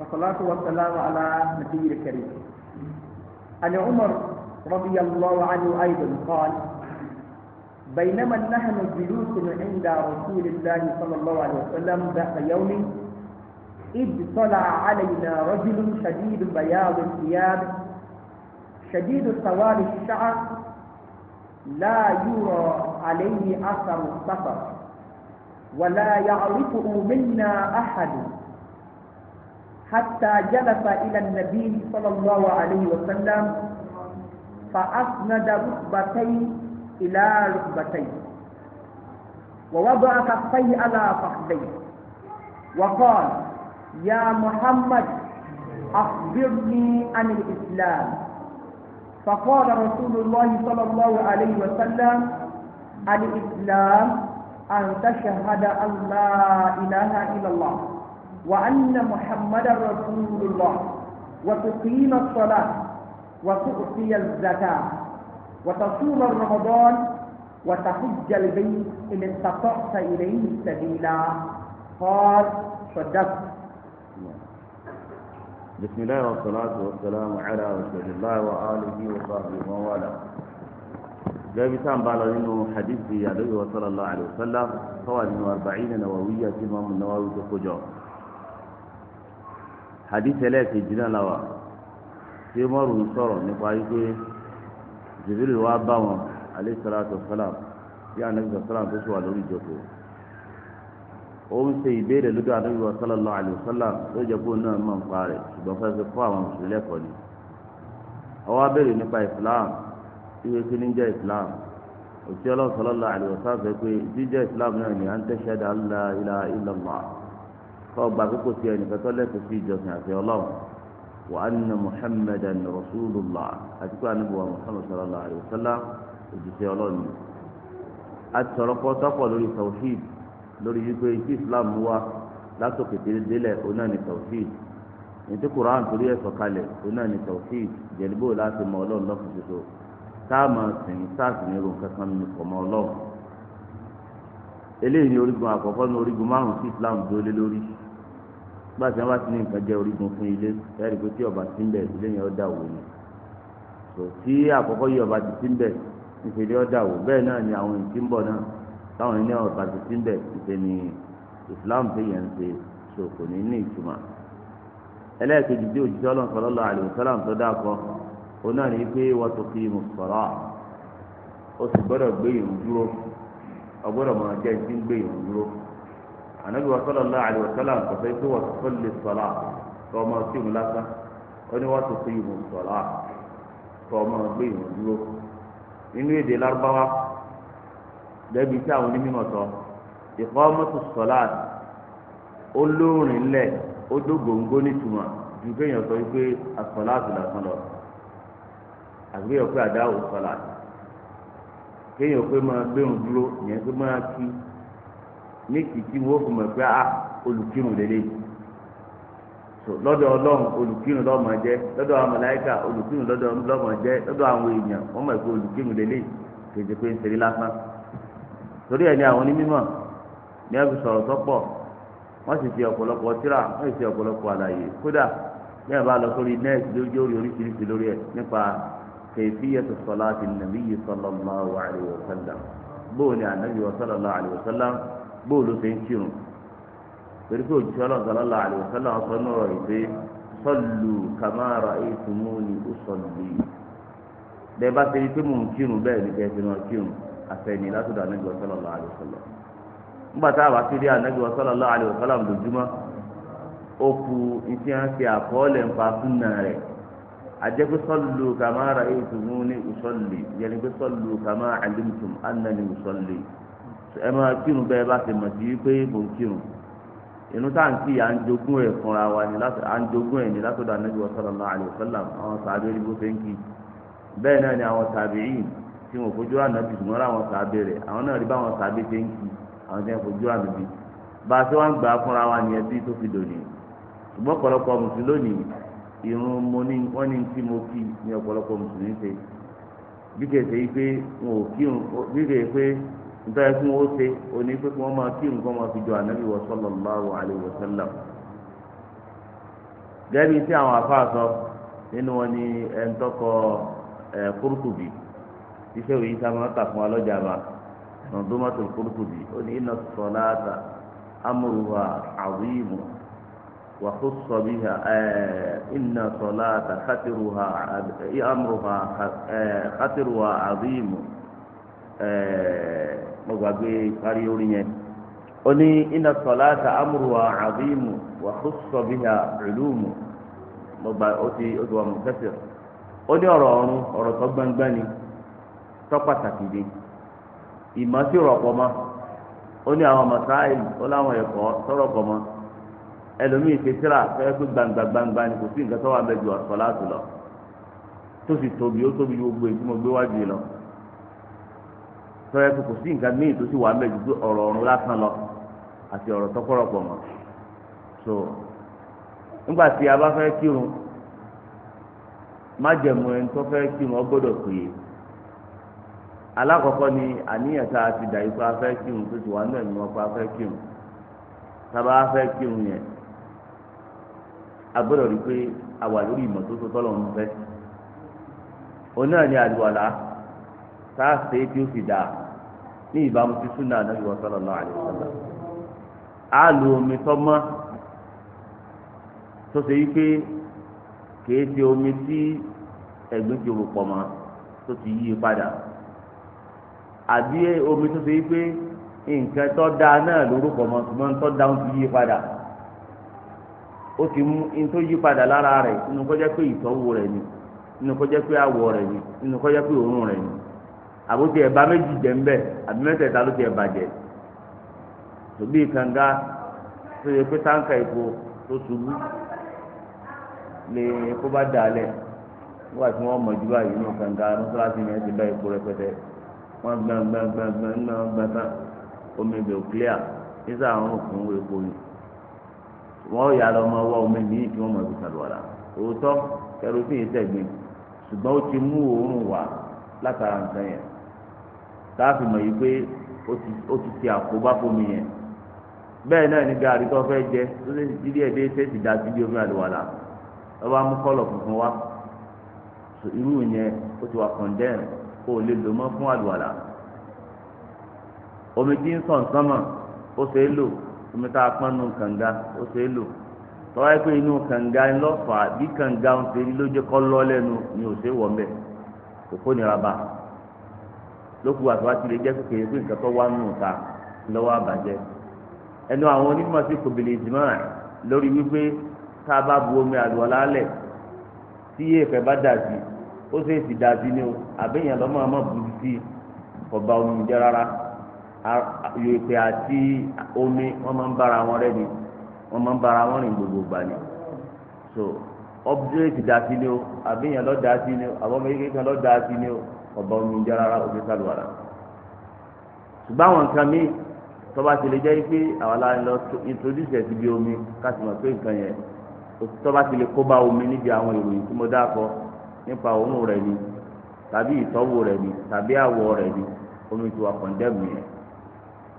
والصلاة والسلام على نبي الكريم عن عمر رضي الله عنه أيضا قال بينما نحن جلوس عند رسول الله صلى الله عليه وسلم ذات يوم إذ طلع علينا رجل شديد بياض الثياب شديد سواد الشعر لا يرى عليه أثر السفر ولا يعرفه منا أحد حتى جلس إلى النبي صلى الله عليه وسلم فأسند ركبتيه إلى ركبتيه ووضع كفيه على فخذيه وقال يا محمد أخبرني عن الإسلام فقال رسول الله صلى الله عليه وسلم الإسلام أن تشهد أن لا إله إلا الله وأن محمدا رسول الله وتقيم الصلاة وتؤتي الزكاة وتصوم رمضان وتحج البيت إن استطعت إليه سبيلا قال صدقت بسم الله والصلاة والسلام على رسول الله وآله وصحبه ومن والاه جابي تام بالا انه حديث النبي صلى الله عليه وسلم طوال من 40 نووية امام النووي تقجو hadith ẹlẹ́ẹ̀kejì náà làwà tí mọ́rù ń sọ̀rọ̀ nípa wípé jìbìrì wa bá wọn alayhi salatu wassalam tí anabi sọ̀sọ́làm tó sì wà lórí ìjọpọ̀ ó ń ṣe ìbéèrè lọ́dọ̀ anabi sallallahu alayhi wasallam tó jẹ́ pé òun náà mọ̀ nípa rẹ̀ ṣùgbọ́n fẹ́ fi kọ́ àwọn mùsùlùmí lẹ́kọ̀ọ́ ni ọwọ́ abẹ́rẹ́ nípa islam ìwé kí ni jẹ́ islam òṣìṣẹ́ ọlọ́sọ̀lọ́lá àlùwọ̀sá fẹ́ pé jíjẹ́ islam náà ni à ń tẹ́ṣẹ́ dà la ilaha illallah kọ́ gba kókò sí ẹnìkan tó lẹ́tọ̀ọ́ sí ìjọsìn àti ọlọ́run wa anna muhammadan rasulullah àti kó àníbò wa muhammad sallallahu alayhi wa sallam òjìṣẹ́ ọlọ́run ni a ti sọ̀rọ̀ pọ́ lórí tawhid lórí wípé tí islam wá látòkè délẹ̀ oná ni tawhid ètò quran torí ẹ̀sọ̀ kalẹ̀ oná ni tawhid jẹ̀lúbò láti mọ ọlọ́run lọ́kùn tuntun táàmù sìn sáàsì ní irun kankan ní ọmọ ọlọ́run eléyìí ni orígun àkọ́kọ́ ní orígun márùn-ún sí islam dólé lórí bá a ti wá sí ní nǹkan jẹ́ orígun fún ilé ọba ti ń bẹ̀ ilé yẹn ó dà wò ni tí àkọ́kọ́ yìí ọba ti ti ń bẹ̀ ìṣèlú be dà wò bẹ́ẹ̀ náà ni àwọn ìtí ń bọ̀ náà táwọn ilé ọba ti ti ń ni Islam ti yẹn ń ṣe so ní ní ẹlẹ́ẹ̀kejì tí òjijì tó ó náà ní pé ó sì gbọ́dọ̀ gbé dúró ànábì wa sallallahu alaihi wa sallam kò fẹ́ pé wọ́n tó lè sọ̀lá kọ́ ọmọ tí mo lásán ó ní wọ́n tó fi ìmọ̀ sọ̀lá kọ́ ọmọ gbé ìmọ̀ dúró nínú èdè lárúbáwá lẹ́bi tí àwọn onímọ̀ sọ ìkọ́mọ́tò sọ̀lá olórin lẹ̀ ó dógóńgó nítumọ̀ ju kéèyàn sọ wípé àsọ̀lá tó lọ àgbéyọ̀ àdáwò sọ̀lá kéèyàn pé máa gbéhùn dúró ìyẹn pé máa kí ní kìkì wo fún mi pé a ah, olùkírun lélẹ̀ lọ́dọ̀ ọlọ́run olùkírun lọ́mọ jẹ́ lọ́dọ̀ àwọn màláíkà olùkírun lọ́dọ̀ lọ́mọ jẹ́ lọ́dọ̀ àwọn èèyàn wọ́n mọ̀ pé olùkírun lélẹ̀ kejì pé ń ṣeré lásán torí ẹ̀ ní àwọn onímọ̀ ní ẹ̀kú sọ̀rọ̀ sọ́pọ̀ wọ́n sì fi ọ̀pọ̀lọpọ̀ tírà wọ́n sì fi ọ̀pọ̀lọpọ̀ àlàyé kódà bí ẹ̀ bá lọ sórí nẹ́ẹ̀sì lójú orí oríṣiríṣi lórí ẹ̀ nípa kayfiyatu salati nàbíyí sallallahu alaihi wasallam bóun ni ànábì sallallahu alaihi wasallam bóòlù ṣe ń kírun torí pé òjíṣẹ́ ọlọ́run sọlọ́lá àlùsọ́lá ọ̀sán náà rọ̀ ìpè sọ́ọ̀lù kàmáàrà ètùmú ni ó sọ̀lù yìí bẹ́ẹ̀ bá ṣe rí pé mò ń kírun bẹ́ẹ̀ ni kẹ́ ẹ ti máa kírun àfẹ́ni látọ̀dọ̀ anábì ọ̀sọ́lọ́lá àlùsọ́lá nígbà tá a bá ti rí anábì ọ̀sọ́lọ́lá àlùsọ́lá lójúmọ́ ó ku iṣẹ́ ń ṣe àkọọ́lẹ̀ ń pa súnà rẹ̀ àjẹpẹ́ sọ́ọ̀lù kàmáàrà ètùmú ni ó sọ̀lù yẹn ẹ máa kírun bẹ́ẹ̀ bá ti mọ̀ sí wípé mò ń kírun inú tá à ń kí à ń jogún ẹ̀ fúnra wa ni à ń jogún ẹ̀ ni látọ̀dọ̀ anábì sallallahu alaihi wasallam àwọn sàbẹ̀ rí bó ṣe ń kí bẹ́ẹ̀ náà ni àwọn tàbíìn tí wọn fojú ànábì ṣùgbọ́n ra àwọn sàbẹ̀ rẹ̀ àwọn náà rí báwọn sàbẹ̀ ṣe ń kí àwọn tí wọn fojú ànábì bá a ṣe wá ń gbà fúnra wa ni ẹbí tó fi dòní ṣùgbọ́n ọ̀pọ̀lọpọ̀ mùsùlùmí irun mo ní wọ́n ní nítorí kí wọ́n ṣe òní pé kí wọ́n máa kí nǹkan máa fi jọ ànábì wọ sallallahu alaihi wasallam. gẹ́bí tí àwọn àfáà sọ nínú wọn ni ẹ̀ńtọ́kọ ẹ̀ Qurtubi iṣẹ́ òyìn sábà máa tà alọ́jà máa nọ̀dọ́mọ́tò Qurtubi ó ní inna salata amruha azimu وخص بها إن صلاة خطرها أمرها خطرها عظيم mo gbàgbé parí orí yẹn ó ní iná sọláàtà amúrùwà àbímù wà kó sọbíhà ìlúùmù mo gbà ó ti ó ti wà mọ fẹsẹ ó ní ọ̀rọ̀ ọ̀run ọ̀rọ̀ tó gbangba ni tó pàtàkì ni ìmọ̀ sí rọ̀pọ̀ mọ́ ó ní àwọn mọ̀sáìl ó láwọn ẹ̀kọ́ tó rọ̀pọ̀ mọ́ ẹlòmíì ṣe síra fẹ́ẹ́ pé gbangba gbangba ni kò sí nǹkan tó wà mẹ́jọ ọ̀sọ́ láti lọ tó sì tóbi ó tóbi gbogbo èyí mo gbé wájú lọ. tọ́yẹ kò kò sí nǹkan míì tó sì wà mẹ́jọ pé ọ̀rọ̀ ọ̀run lásán lọ àti ọ̀rọ̀ tọ́pọ̀rọ̀pọ̀ mọ́ so nígbà tí a bá fẹ́ kírun májẹ̀mú ẹni tó fẹ́ kírun ọ gbọ́dọ̀ ni àníyàn tá a ti dà ipá fẹ́ kírun tó ti wà kírun fẹ́ kírun yẹn a gbọ́dọ̀ rí i pé a wà lórí ìmọ́tótó fẹ́ ni tá a ṣe é ní ìbámu sí súnà ànábì wa sallallahu omi mọ́ tó ṣe yí pé kìí ti omi tí ti rò pọ̀ mọ́ tó ti yí padà àbí omi tó ṣe yí pé nǹkan tó da náà mọ́ ṣùgbọ́n tó dáa ń ti yí padà ó ti mú ntó yí padà lára rẹ̀ nínú kọjá pé ìtọ́wò rẹ̀ ni kọjá pé àwọ̀ rẹ̀ ni kọjá pé òórùn rẹ̀ ni. àbótí ẹ̀bá méjì jẹ́ ńbẹ́ àbí mẹ́tẹ̀ẹ̀ta ló ti ẹ̀bà jẹ́ tòbí kànga tó yẹ pé táǹkà epo tó ṣubú lè kó bá dà á lẹ̀ nígbà tí wọ́n mọ̀ jù báyìí nínú kànga mọ́sálásí ni ẹ ti bá epo rẹpẹtẹ wọ́n gbọ́n gbọ́n gbọ́n gbọ́n náà gbọ́n tán omi ibẹ̀ ò clear àwọn òkun epo yìí wọ́n yà lọ mọ ọwọ́ omi míì kí wọ́n mọ̀ ibi sàlùwàlà òótọ́ kẹrù sí ìṣẹ́gbin ṣùgbọ́n ó ti mú òórùn wá látara nǹkan yẹn taafi mọ̀ yìí pé ó ti ti àkóbá fomi yẹn bẹ́ẹ̀ náà ní gaari tó fẹ́ jẹ tó lè ti dídí ẹ̀dẹ́ da sí bí omi àlùwàlà ọba mú kọ́lọ̀ funfun wá irú yẹn ó ti wà kọ̀ndẹ́n kó o lè lò mọ́ fún àlùwàlà omi tí ń sàn sánmà ó ṣe é lò omi tá a pọ́n kànga ó ṣe é lò tọ́wá lókùú àti wá ti lè jẹ́ kékeré pé nǹkan tó wá nù ta lọ́wọ́ àbàjẹ́ ẹnu àwọn onímọ̀ sí kòbìlì ìdìmọ̀ lórí wípé tá a bá bu omi àlùwọ̀lá lẹ̀ tí èèfẹ̀ bá dà sí ó ṣe é dà sí ni o àbẹ̀yàn lọ́mọ ọmọ bu sí ọba omi jẹ́ rárá èèfẹ̀ àti omi wọ́n máa ń bára wọn rẹ́ ni wọ́n máa ń bára wọn rìn gbogbo gbà ni so ọbẹ̀ ó ṣe é sì dà sí ni o àbẹ̀yàn lọ́ dà sí ni o àbọ̀mọ̀ ọba omi jẹ rárá omi sálùwàrà ṣùgbọ́n àwọn nǹkan mi tọ́ba ti lè jẹ́ pé àwọn aláàrin lọ introduce ẹ̀ sí bí omi káti mọ̀ pé nǹkan yẹn tọ́ba ti lè kó bá omi níbi àwọn ìròyìn tí mo dákọ nípa òórùn rẹ̀ ni tàbí ìtọ́wò rẹ̀ ni tàbí àwọ̀ rẹ̀ ni omi ti wà kọ̀ǹdẹ́mù yẹn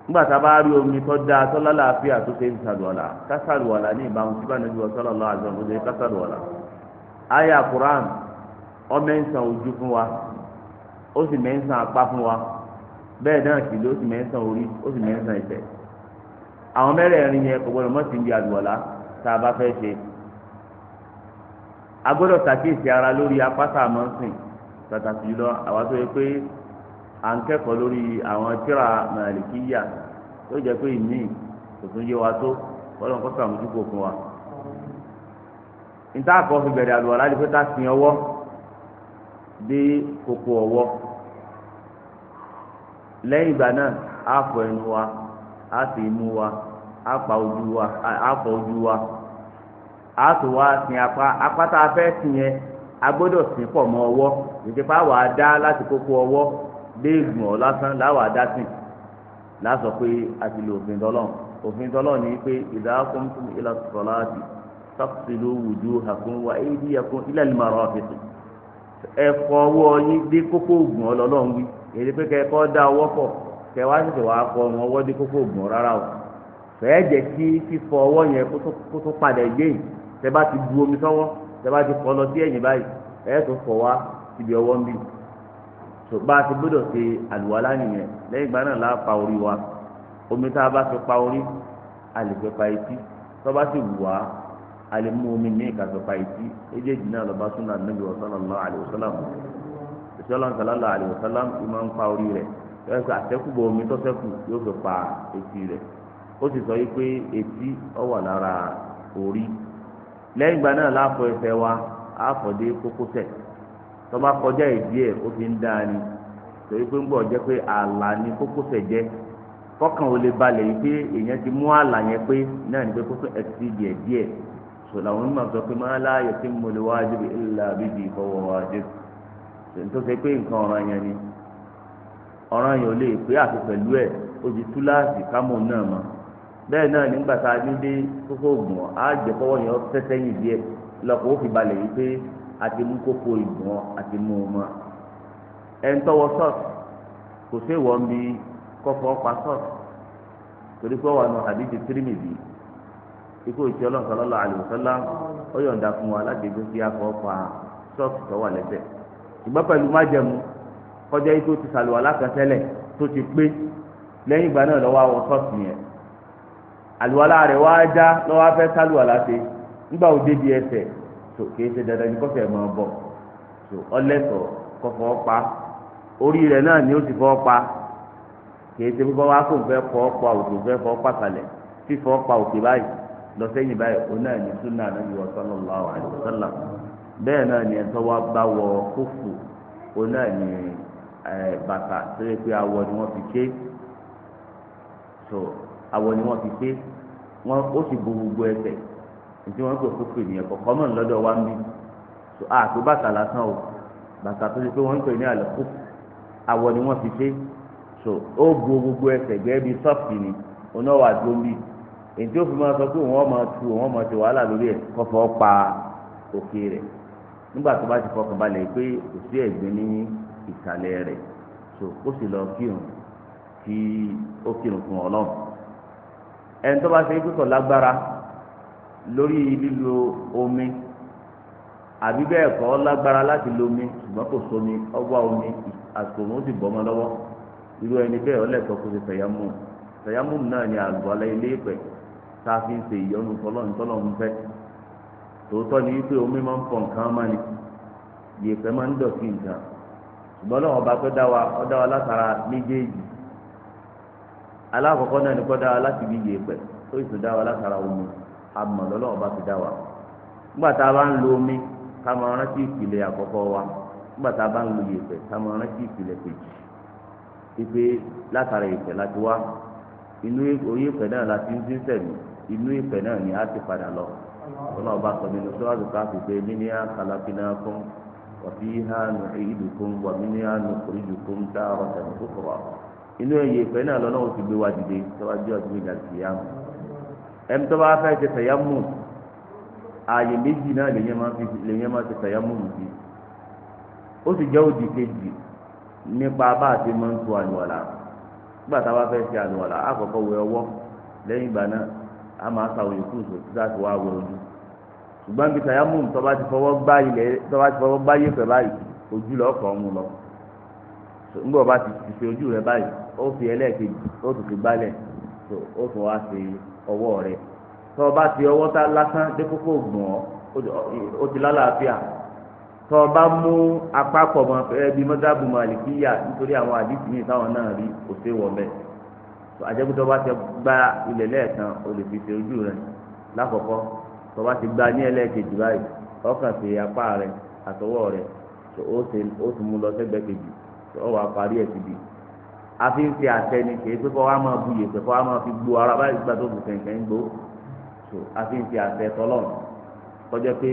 nígbà tá a bá rí omi tó dáa tó lálàáfíà tó ṣe ń sàlùwàlà kásàlùwàlà ní ìbámu tí bá nàbí wọ́sọ́ lọ́la ọ̀gbọ́n ṣe kásàlùwàlà. aya Quran ọmọ ẹ̀ ń san ojú fún wa ó sì mẹ́sàn apá fún wa bẹ́ẹ̀ náà sì ló sì mẹ́sàn orí ó sì mẹ́sàn ẹsẹ̀ àwọn mẹ́rẹ̀ẹ̀rin yẹn kò gbọdọ̀ mọ́ sí ibi àlùwàlá tá a bá fẹ́ ṣe a gbọ́dọ̀ ṣàkíyèsí ara lórí apá tá a mọ́ sìn pàtàkì jùlọ àwa tó yẹ pé à ń kẹ́kọ̀ọ́ lórí àwọn tíra màlìkíyà tó jẹ́ pé ìmí kò tún yé wa tó kọ́lọ́n kó sàmójúkò fún wa níta àkọ́ fi bẹ̀rẹ̀ àlùwàlá ni pé tá a sin ọwọ́ dé kókó ọwọ́ lẹ́yìn ìgbà náà á fọ ẹnu wa á sì imú wa á ojú wa fọ ojú wa á tó wa sin apá apá tá a fẹ́ sin yẹn a gbọ́dọ̀ sin pọ̀ mọ́ ọwọ́ wàá dá láti kókó ọwọ́ dé ìgbọ̀n lásán láwàá dá sìn lásọ pé a ti lo òfin òfin ni pé ilà wùdú wa ilẹ̀ ẹ̀fọ́ ọwọ́ yín èdè pé kẹ́kọ́ dá ọwọ́ pọ̀ kẹ́ wá tètè wá fọ ọmọ ọwọ́ dé kókó ògùn rárá o fẹ́ẹ́ jẹ́ kí fífọ ọwọ́ yẹn kó tó padà gbé yìí tẹ́ bá ti bu omi sọ́wọ́ tẹ́ bá ti kọ́ lọ sí ẹ̀yìn báyìí ẹ̀ tó fọ wá síbi ọwọ́ ń bì tó bá ti gbọ́dọ̀ ṣe àlùwalá nìyẹn lẹ́yìn ìgbà náà láà pa orí wa omi tá a bá fi pa orí a lè fẹ́ pa etí tó bá sì wù wá a lè mú omi ní ìkàtọ̀ pa etí èjèèjì ìṣọlá nsàlálà àlùfàlà ìmọ̀ ń pa orí rẹ̀ yóò sọ àtẹ́kùbọ̀ omi tó ṣẹ́kù yóò fi pa etí rẹ̀ ó sì sọ yìí pé etí ó wà lára orí lẹ́yìn ìgbà náà láàfọ ẹsẹ̀ wa àfọ̀dé kókósẹ̀ tó bá kọjá ìdí ẹ̀ ó fi ń dáa ni torí pé ń gbọ́ jẹ́ pé ààlà ni kókósẹ̀ jẹ́ kọ́kàn ò lè balẹ̀ yìí pé èèyàn ti mú ààlà yẹn pé náà ni pé kókó ẹ̀ ti díẹ̀ díẹ̀ sọ̀làwọn onímọ̀ sọ pé máa láàyè tí mo lè wá débi ìlà bíbi ìfọwọ́ wá débi. tó ṣe pé pe ọ̀ràn yẹn ni ọ̀ràn yẹn ò lè pé àti pẹ̀lú ẹ̀ ó di túláàsì kámò náà mọ́ náà nígbà tá a ní kókó ògùn á jẹ́ kọ́wọ́ yẹn fẹ́ sẹ́yìn díẹ̀ ó fi balẹ̀ yìí pé àti mú kókó ìgbọ̀n àti mú un ẹ ń tọwọ́ sọt kò sí pa torí pé ikú ìtì ọlọ́sọ̀lọ́lọ́ ó yọ̀ǹda fún wa láti ṣùgbọ́n pẹ̀lú májẹ̀mú kọjá yìí tó ti dị lákàtẹ́lẹ̀ tó ti pé lẹ́yìn ìgbà náà lọ́wọ́ àwọn sọ́ọ̀tì yẹn àlùwàlá rẹ̀ wá já lọ́wọ́ afẹ́ sàlùwà láti nígbà òde di ẹsẹ̀ tó kìí ṣe dandan ní kọfẹ́ mọ́ bọ̀ tó ọlẹ́sọ̀ kọfọ́ pa orí rẹ̀ náà ni ó ti fọ́ pa ṣe fífọ́ wá kó bẹ́ẹ̀ náà ni ẹ̀tọ́ wa bá wọ kófù òun náà ni bàtà tó yẹ pé awọ ni wọ́n fi ké so awọ ni wọ́n fi ké wọ́n ó sì bo gbogbo ẹsẹ̀ ètò wọn pè kófù ènìyàn kọ̀ọ̀kan mọ̀ lọ́dọ̀ wa ń bí so àpò bàtà lásán o bàtà tó yẹ pé wọ́n ń pè ní àlọ́ kófù awọ ni wọ́n fi ké so ó bo gbogbo ẹsẹ̀ gẹ́gẹ́ bí sọ́ọ̀kì ni oná wà tó ń bí ètò òfin sọ pé òun ọmọ tu òun ọmọ ti wàhálà lórí ẹ̀ kọ́fọ́ pa òkè nígbà tó bá ti fọkàn balẹ̀ pé kò sí ẹ̀gbin ní ìsàlẹ̀ rẹ̀ so ó sì lọ kírun kí ó kírun fún ọlọ́run ẹni tó bá ṣe lágbára omi àbí bẹ́ẹ̀ kọ́ lágbára láti lo omi ṣùgbọ́n kò sómi omi àtòmọ́ sì bọ́ ọmọ lọ́wọ́ irú ẹni bẹ́ẹ̀ kó ṣe fẹ̀yàmù fẹ̀yàmù náà ni ilé ìpẹ́ tá a fi tòótọ́ ni wípé omi máa ń fọ nǹkan máa ni yèèpẹ̀ máa ń dọ̀tí nǹkan ṣùgbọ́n náà ọba tó dá wa látara méjèèjì alákọ̀ọ́kọ́ náà ni kọ́ dá láti bí yèèpẹ̀ tó sì dá wa látara omi ọba ti nígbà tá a bá ń lo omi ká máa rántí ìpìlẹ̀ wa nígbà tá a lo ká máa rántí ìpìlẹ̀ kejì látara láti wá inú náà láti ń dín inú náà ti padà lọ. wọn ọba sọ nínú sọ́wọ́sì káfí pé níní àkàlàfínà fún wàfí ha nùhìdù fún wàmí ní ànùkùrìjù fún dáhùn tẹ̀lé fúfúrọ̀ inú ẹ̀yẹ ìfẹ́ náà lọ́nà ó ti gbé wa dìde tọ́wájú ọdún ìgbà sí yá mu ẹ̀m tó bá fẹ́ ṣe fẹ̀yà mú ààyè méjì náà lèyẹn máa ṣe fẹ̀yà mú mu sí ó sì jẹ́ òdì kejì nípa bá a ti máa ń tu àlùwàlà nígbà tá fẹ́ ṣe àlùwàlà a máa sa òye kúrò wọ ojú ṣùgbọ́n bí tayamu tọ́ba ti fọwọ́ gbá ilẹ̀ tọ́ba ti fọwọ́ gbá yẹ̀pẹ̀ báyìí ojú lọ kọ́ ọ́n mu lọ ńgbọ́ bá ti ti ṣe ojú rẹ báyìí ó fi ẹlẹ́ẹ̀kejì ó tún fi gbálẹ̀ ó tún wá ṣe ọwọ́ rẹ tọ́ba ti ọwọ́ tá lásán dé kókó gbọ̀n ó ti lálàáfíà tọ́ba mú mọ́ ẹbí àlìkíyà àjẹkùtọ̀ bá ti gba ilẹ̀ lẹ́ẹ̀kan o lè fi ṣe ojú rẹ lákọ̀ọ́kọ́ tó bá ti gba ní ẹlẹ́ẹ̀kejì báyìí ọkàn sí apá rẹ àtọwọ́ rẹ ó sì mú lọ sẹ́gbẹ̀ẹ́ kejì ó wàá parí ẹ̀ a àfi ń fi àṣẹ ni kì í pé kọ́ wa máa bu yèpẹ̀ kọ́ wa máa fi gbó ara báyìí gba tó bu kẹ̀kẹ́ ń gbó so àfi ń fi àṣẹ tọ́lọ́run kọjá pé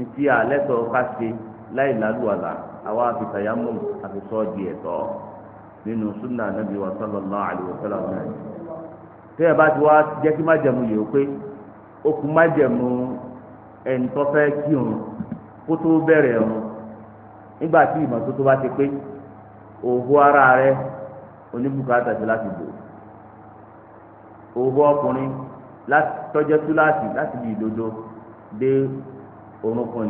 ń fi àlẹ́ tọ́ ká ṣe láì lálùwàlà àwa àfi tàyámù àfi sọ́ọ́ di ẹ̀tọ́. So, nínú súnà nàbí wa sallallahu alaihi wa sallam náà tẹ́ ẹ bá ti wá jẹ́ kí májẹ̀mú yìí ó pé ó kú májẹ̀mú ẹ̀ńtọ́fẹ́ kí òun kó tó bẹ̀rẹ̀ òun nígbà tí ìmọ́tótó bá ti pé òhu ara rẹ oníbùkátà sí láti bò òhu ọkùnrin tọ́jẹ́ tú láti láti bí ìdodo dé orúnkún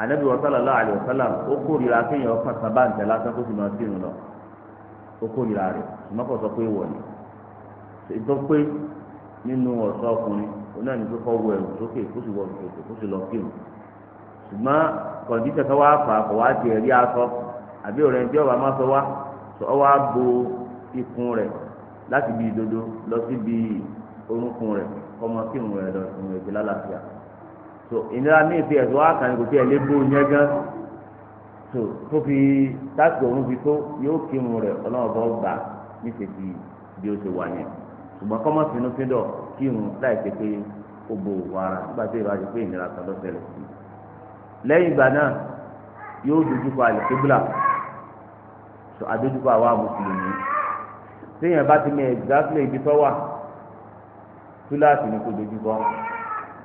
anabi wa sallallahu alayhi wa sallam ó kórìíra kéèyàn ọkàn sábà ń tẹ lásán kó sì máa sínú lọ ó kórìíra rẹ̀ ṣùgbọ́n kò sọ pé wọ̀ ni ètò pé nínú ọ̀sọ́ ọkùnrin onáà ní kíkọ́ wọ ẹ̀rù sókè kó sì wọ ìṣòkè kó sì lọ kírun ṣùgbọ́n kọ̀ǹdíṣẹ̀ kan wá fà á kọ̀ wá ti ẹ̀rí aṣọ àbí ọ̀rẹ́ ẹ̀jẹ̀ ọba máa sọ wá sọ ọ wá bo ikùn rẹ̀ láti bí ìdodo lọ sí bí orúnkún rẹ̀ kọ́mọ kírun rẹ̀ lọ ìrìn èdè lálàáfíà so ìnira míì fi ẹ̀sùn wá kàn kò tí ẹ̀ lé bó yẹn gan so tó fi tásìkò òun fi tó yóò kírun rẹ̀ ọlọ́run bọ́ gbà ní tètè bí ó ṣe wà yẹn ṣùgbọ́n kọ́mọ́ sínú fídọ̀ kírun láì ṣe pé ó bo òwò ara nígbà tí ìbá pé ìnira kan ló ṣẹlẹ̀ sí i lẹ́yìn ìgbà náà yóò dojú kọ àlùkébùlà so adójúkọ àwa mùsùlùmí téèyàn bá ti mẹ ẹ̀gbáfílẹ̀ ibi tó wà túláàsì ni kò dojú kọ.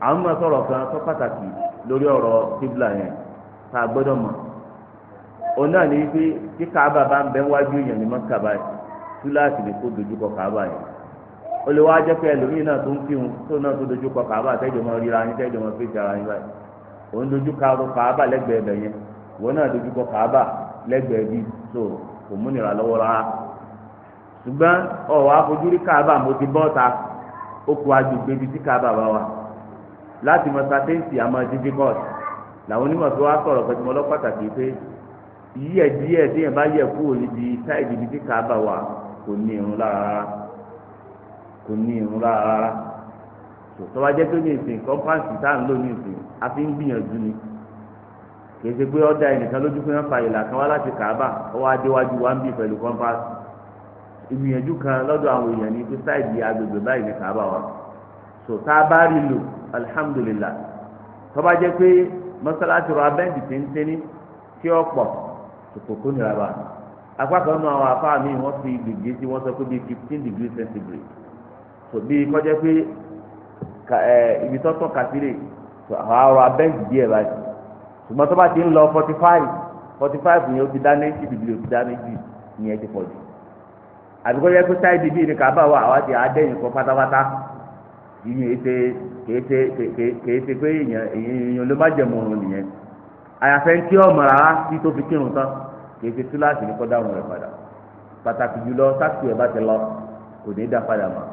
àwọn máa sọ̀rọ̀ kan tó pàtàkì lórí ọ̀rọ̀ kíbla yẹn tá a gbọ́dọ̀ mọ̀ òun náà ní wípé tí bá ń bẹ wájú yẹn ní mọ́kà túláàsì ní kó dojúkọ yẹn ó lè wá jẹ́ pé ẹlòmíì náà tó ń kírun tó náà tó dojúkọ tẹ́jọ́ mọ́ ríra yín tẹ́jọ́ mọ́ fèsì ara yín báyìí òun dojúkọ lẹ́gbẹ̀ẹ́ bẹ̀ yẹn náà so kò múnira lọ́wọ́ rárá ṣùgbọ́n mo ti bọ́ ta ó kó agbègbè bíi tí kaaba bá láti mọ sátẹ́ǹtì àmọ́ difficult làwọn onímọ̀ tó wá sọ̀rọ̀ pẹ̀lú ọlọ́ pàtàkì pé yíyẹ díẹ̀ téèyàn bá yẹ kúrò níbi sáìdì ibi tí kàábà wà kò ní irun lára rárá kò ní irun lára rárá tó bá jẹ́ pé ní ìsìn kọ́ńpáǹsì tá à ń lò ní ìsìn a fi ń gbìyànjú ni kì í ṣe pé ọ̀dà ẹnìkan lójú pé wọ́n fa ìlà kan wá láti kàábà ọwọ́ adéwájú wa ń bì pẹ̀lú kọ́ńpáǹsì ìgbìyànjú kan lọ́dọ̀ àwọn èèyàn ní pé sáìdì agbègbè báyìí ní kàábà wà so tá a bá rí lò alihamudulila tọ́ba jẹ́ pé mọ́sálásí rọ abẹ́ǹdì téńténí tí ó pọ̀ kòkòkò nira bá apá kan nù àwọn afá mi wọ́n fi gbègbè tí wọ́n sọ pé bíi fifteen degree centigrade so bíi kọjá pé ibi tọ́tọ̀ kàtírè àwọn arọ abẹ́ǹdì díẹ̀ báyìí ṣùgbọ́n tọ́ba ti ń lọ forty five forty five yẹn ó ti dá ninety degree ó ti dá ninety yẹn ti pọ̀ jù àbíkọ́ yẹ kó sáìdì bíi ní kábà wà àwa ti kọ́ pátápátá yìnyín ètè kèé ṣe pé èèyàn èèyàn ló má jẹ̀mú òun nìyẹn àyàfẹ́ ń kí ọmọ rárá tí tó fi kírun tán kèé ṣe túláàsì ní kọ́ dáhùn rẹ̀ padà pàtàkì jùlọ sásìkò ẹ̀ bá ti lọ kò ní í dá padà mọ́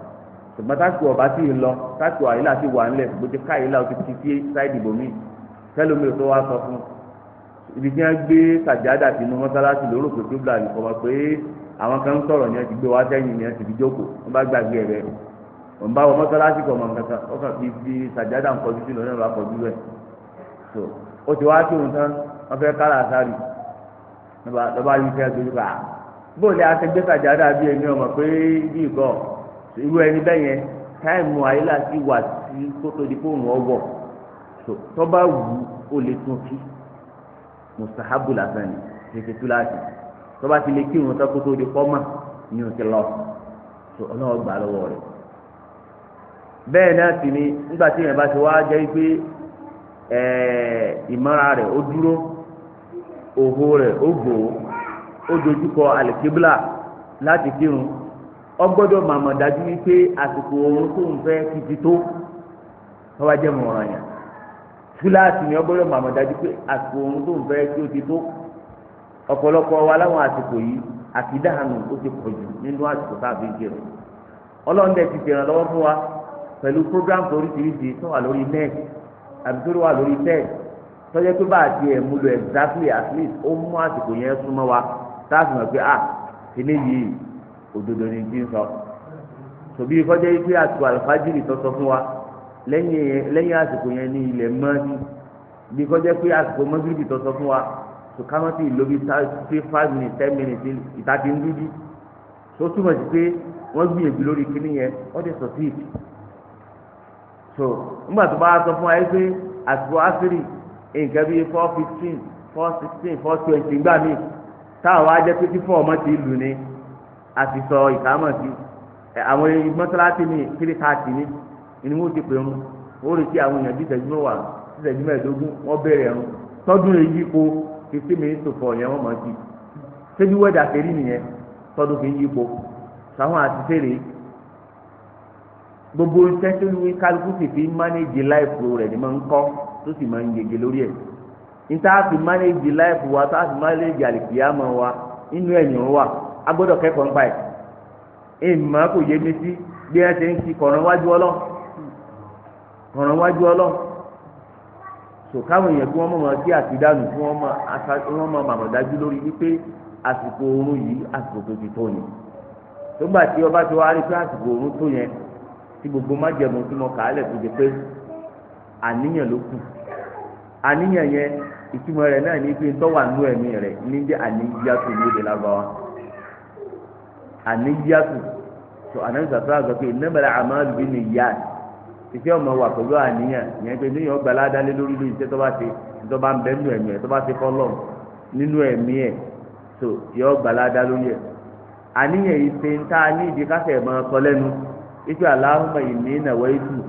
ṣùgbọ́n sásìkò ọ̀bá sì ń lọ sásìkò àyílà sì wà ńlẹ̀ bó ti ká àyílà ó ti ti sí sáìdì bòmí tẹ́lómi ò tó wá sọ fún ibi tí wọ́n gbé sàjádà sínú mọ́sálásì lóró kò tó gbà yìí kọ́ mọ́ pé àwọn kan ń sọ̀rọ̀ yẹn ti gbé wá sẹ́yìn yẹn ti fi jókòó wọn bá wọ mọ́sálásí kọ̀ mọ̀ nǹkan kan ó kàn fi fi sàjádà ń kọjú sílẹ̀ náà bá kọjú rẹ̀ so ó ti wá sí òun tán wọ́n fẹ́ kára àsárì lọ́ba yìí fẹ́ dojú a bóòlù àtẹgbẹ́ sàjádà bí ẹni ọmọ pé bí ìkọ irú ẹni bẹ́ẹ̀ yẹn táìmù àyílà sí wà sí kótó di fóònù ọwọ́ so tọ́ba wù ó lè tún kí mustahabu lásán ni kékeré tó láti tọ́ba ti lè kí òun tán kótó di fọ́mà ni òun ti lọ so ọlọ́wọ́ gbà lọ́wọ́ rẹ̀. bẹ́ẹ̀ náà sì ni nígbà tí èèyàn bá ti wá jẹ́ pé eh, ìmọ̀ra rẹ̀ ó dúró òhò rẹ̀ ó gbò ó ó dojúkọ àlìkébílà láti kírun ó gbọ́dọ̀ màmọ̀ dájú wípé àsìkò oorun tó ń fẹ́ kí ti tó wọ́n bá jẹ́ mọ̀ràn yẹn ni gbọ́dọ̀ màmọ̀ wa láwọn àsìkò yìí àkìdáhànù ó ti pọ̀ jù nínú àsìkò tá a fi kírun ọlọ́run pẹ̀lú program oríṣiríṣi tó wà lórí net àbí tó wà lórí tech tọ́jọ́ tó bá àti ẹ̀ mú exactly at least ó mú àsìkò yẹn súnmọ́ wa táàsì mọ̀ pé ah eléyìí òdodo ni ti ń sọ tòbí kọjá yìí pé àsìkò àlùfájìrì tó sọ fún wa lẹ́yìn àsìkò yẹn ní ilẹ̀ mọ́ni bí kọjá pé àsìkò mọ́gìrìbì tó sọ fún wa tó ká mọ́tì lóbi three five minutes ten minutes ìta ti ń dúdú tó túmọ̀ sí pé wọ́n gbìyànjú lórí kíní yẹn wọ́n ti sọ sí so nígbà tó bá sọ fún wa yìí pé àsìkò asiri nǹkan bíi four fifteen four sixteen four twenty gbà míì táwọn wá jẹ́ pé tí fún ọmọ ti lù ní àti sọ ìkámọ̀ sí àwọn mọ́sálásí ní three thirty ní ni wọ́n ti pè ń ó rí sí àwọn èèyàn bíi ìṣẹ́jú mẹ́wàá ìṣẹ́jú mẹ́ẹ̀ẹ́dógún wọ́n bẹ̀rẹ̀ ẹ̀rùn tọ́dún èyí kó fifteen minutes to four yẹn wọ́n mọ̀ sí ṣé bí wẹ́dà ṣe rí nìyẹn tọ́dún fi ń yípo sàwọn àti fèrè gbogbo iṣẹ́ tó ní kálukú sì fi mánéjì láìpò rẹ̀ ni máa ń kọ́ tó sì máa ń gègé lórí ẹ̀ fi mánéjì láìpò wa tá a fi mánéjì àlìkìyàmọ̀ wa nínú ẹ̀yìn wa a gbọ́dọ̀ kẹ́kọ̀ọ́ nípa ẹ̀ èèmọ̀ kò yé mi sí bí ẹ ṣe ń fi kọ̀ràn wájú ọlọ́run kọ̀ràn wájú tò káwọn èèyàn kí sí àtidánù kí lórí wípé àsìkò oorun yìí àsìkò tó ti tó yẹn tó tí gbogbo májẹ̀mú tí mo kà á lẹ̀ tó di pé àníyàn ló kù àníyàn yẹn ìtumọ̀ rẹ̀ náà ní pé ń tọ́wà nú ẹ̀mí rẹ̀ ní jẹ́ àníyàtò lóde lágbàá àníyàtò tó ànáyàtò àti àgbà pé innamal a'malu binniyat ìfẹ́ ọmọ wà pẹ̀lú àníyàn ìyẹn pé níyàn gba aládàálé lórí lórí iṣẹ́ tó bá ṣe tó bá ń bẹ nínú ẹ̀mí ẹ̀ tó bá ṣe fọ́lọ́ nínú ẹ̀mí ẹ̀ tó yọ gba aládàá ẹ̀ àníyàn yìí ṣe ń tá ní ìdí kásẹ̀ mọ́ ọ ife alahuma ìní waitu ètù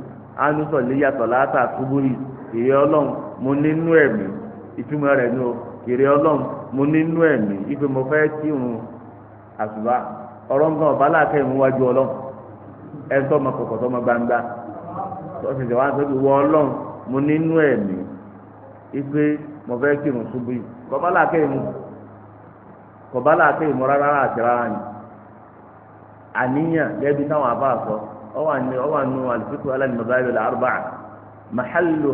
ánúsọ̀ léyàtọ̀ látà túbúrì kiri ọlọ́run mo nínú ẹ̀mí ìtumọ̀ rẹ̀ ni o kiri ọlọ́run mo nínú ẹ̀mí ife mo fẹ́ kírun àsùbá ọ̀rọ̀ nǹkan ọ̀bá làákẹ́ ìmúwájú ọlọ́run ẹ̀ ń tọ́mọ kọ̀kọ̀ tọ́mọ gbangba ọ̀sẹ̀sẹ̀ wa sọ́kì wọ ọlọ́run mo nínú ẹ̀mí ife mo fẹ́ kírun túbúrì kọ̀bá làákẹ́ ìmú kọ̀bá làákẹ́ ìmú rárá àti rárá yìí. àníyàn gẹ́gẹ́ bí táwọn àbá sọ ọ wà nù àlùfíkù alánimọ̀báyọ̀ lọ àrùbá mahalu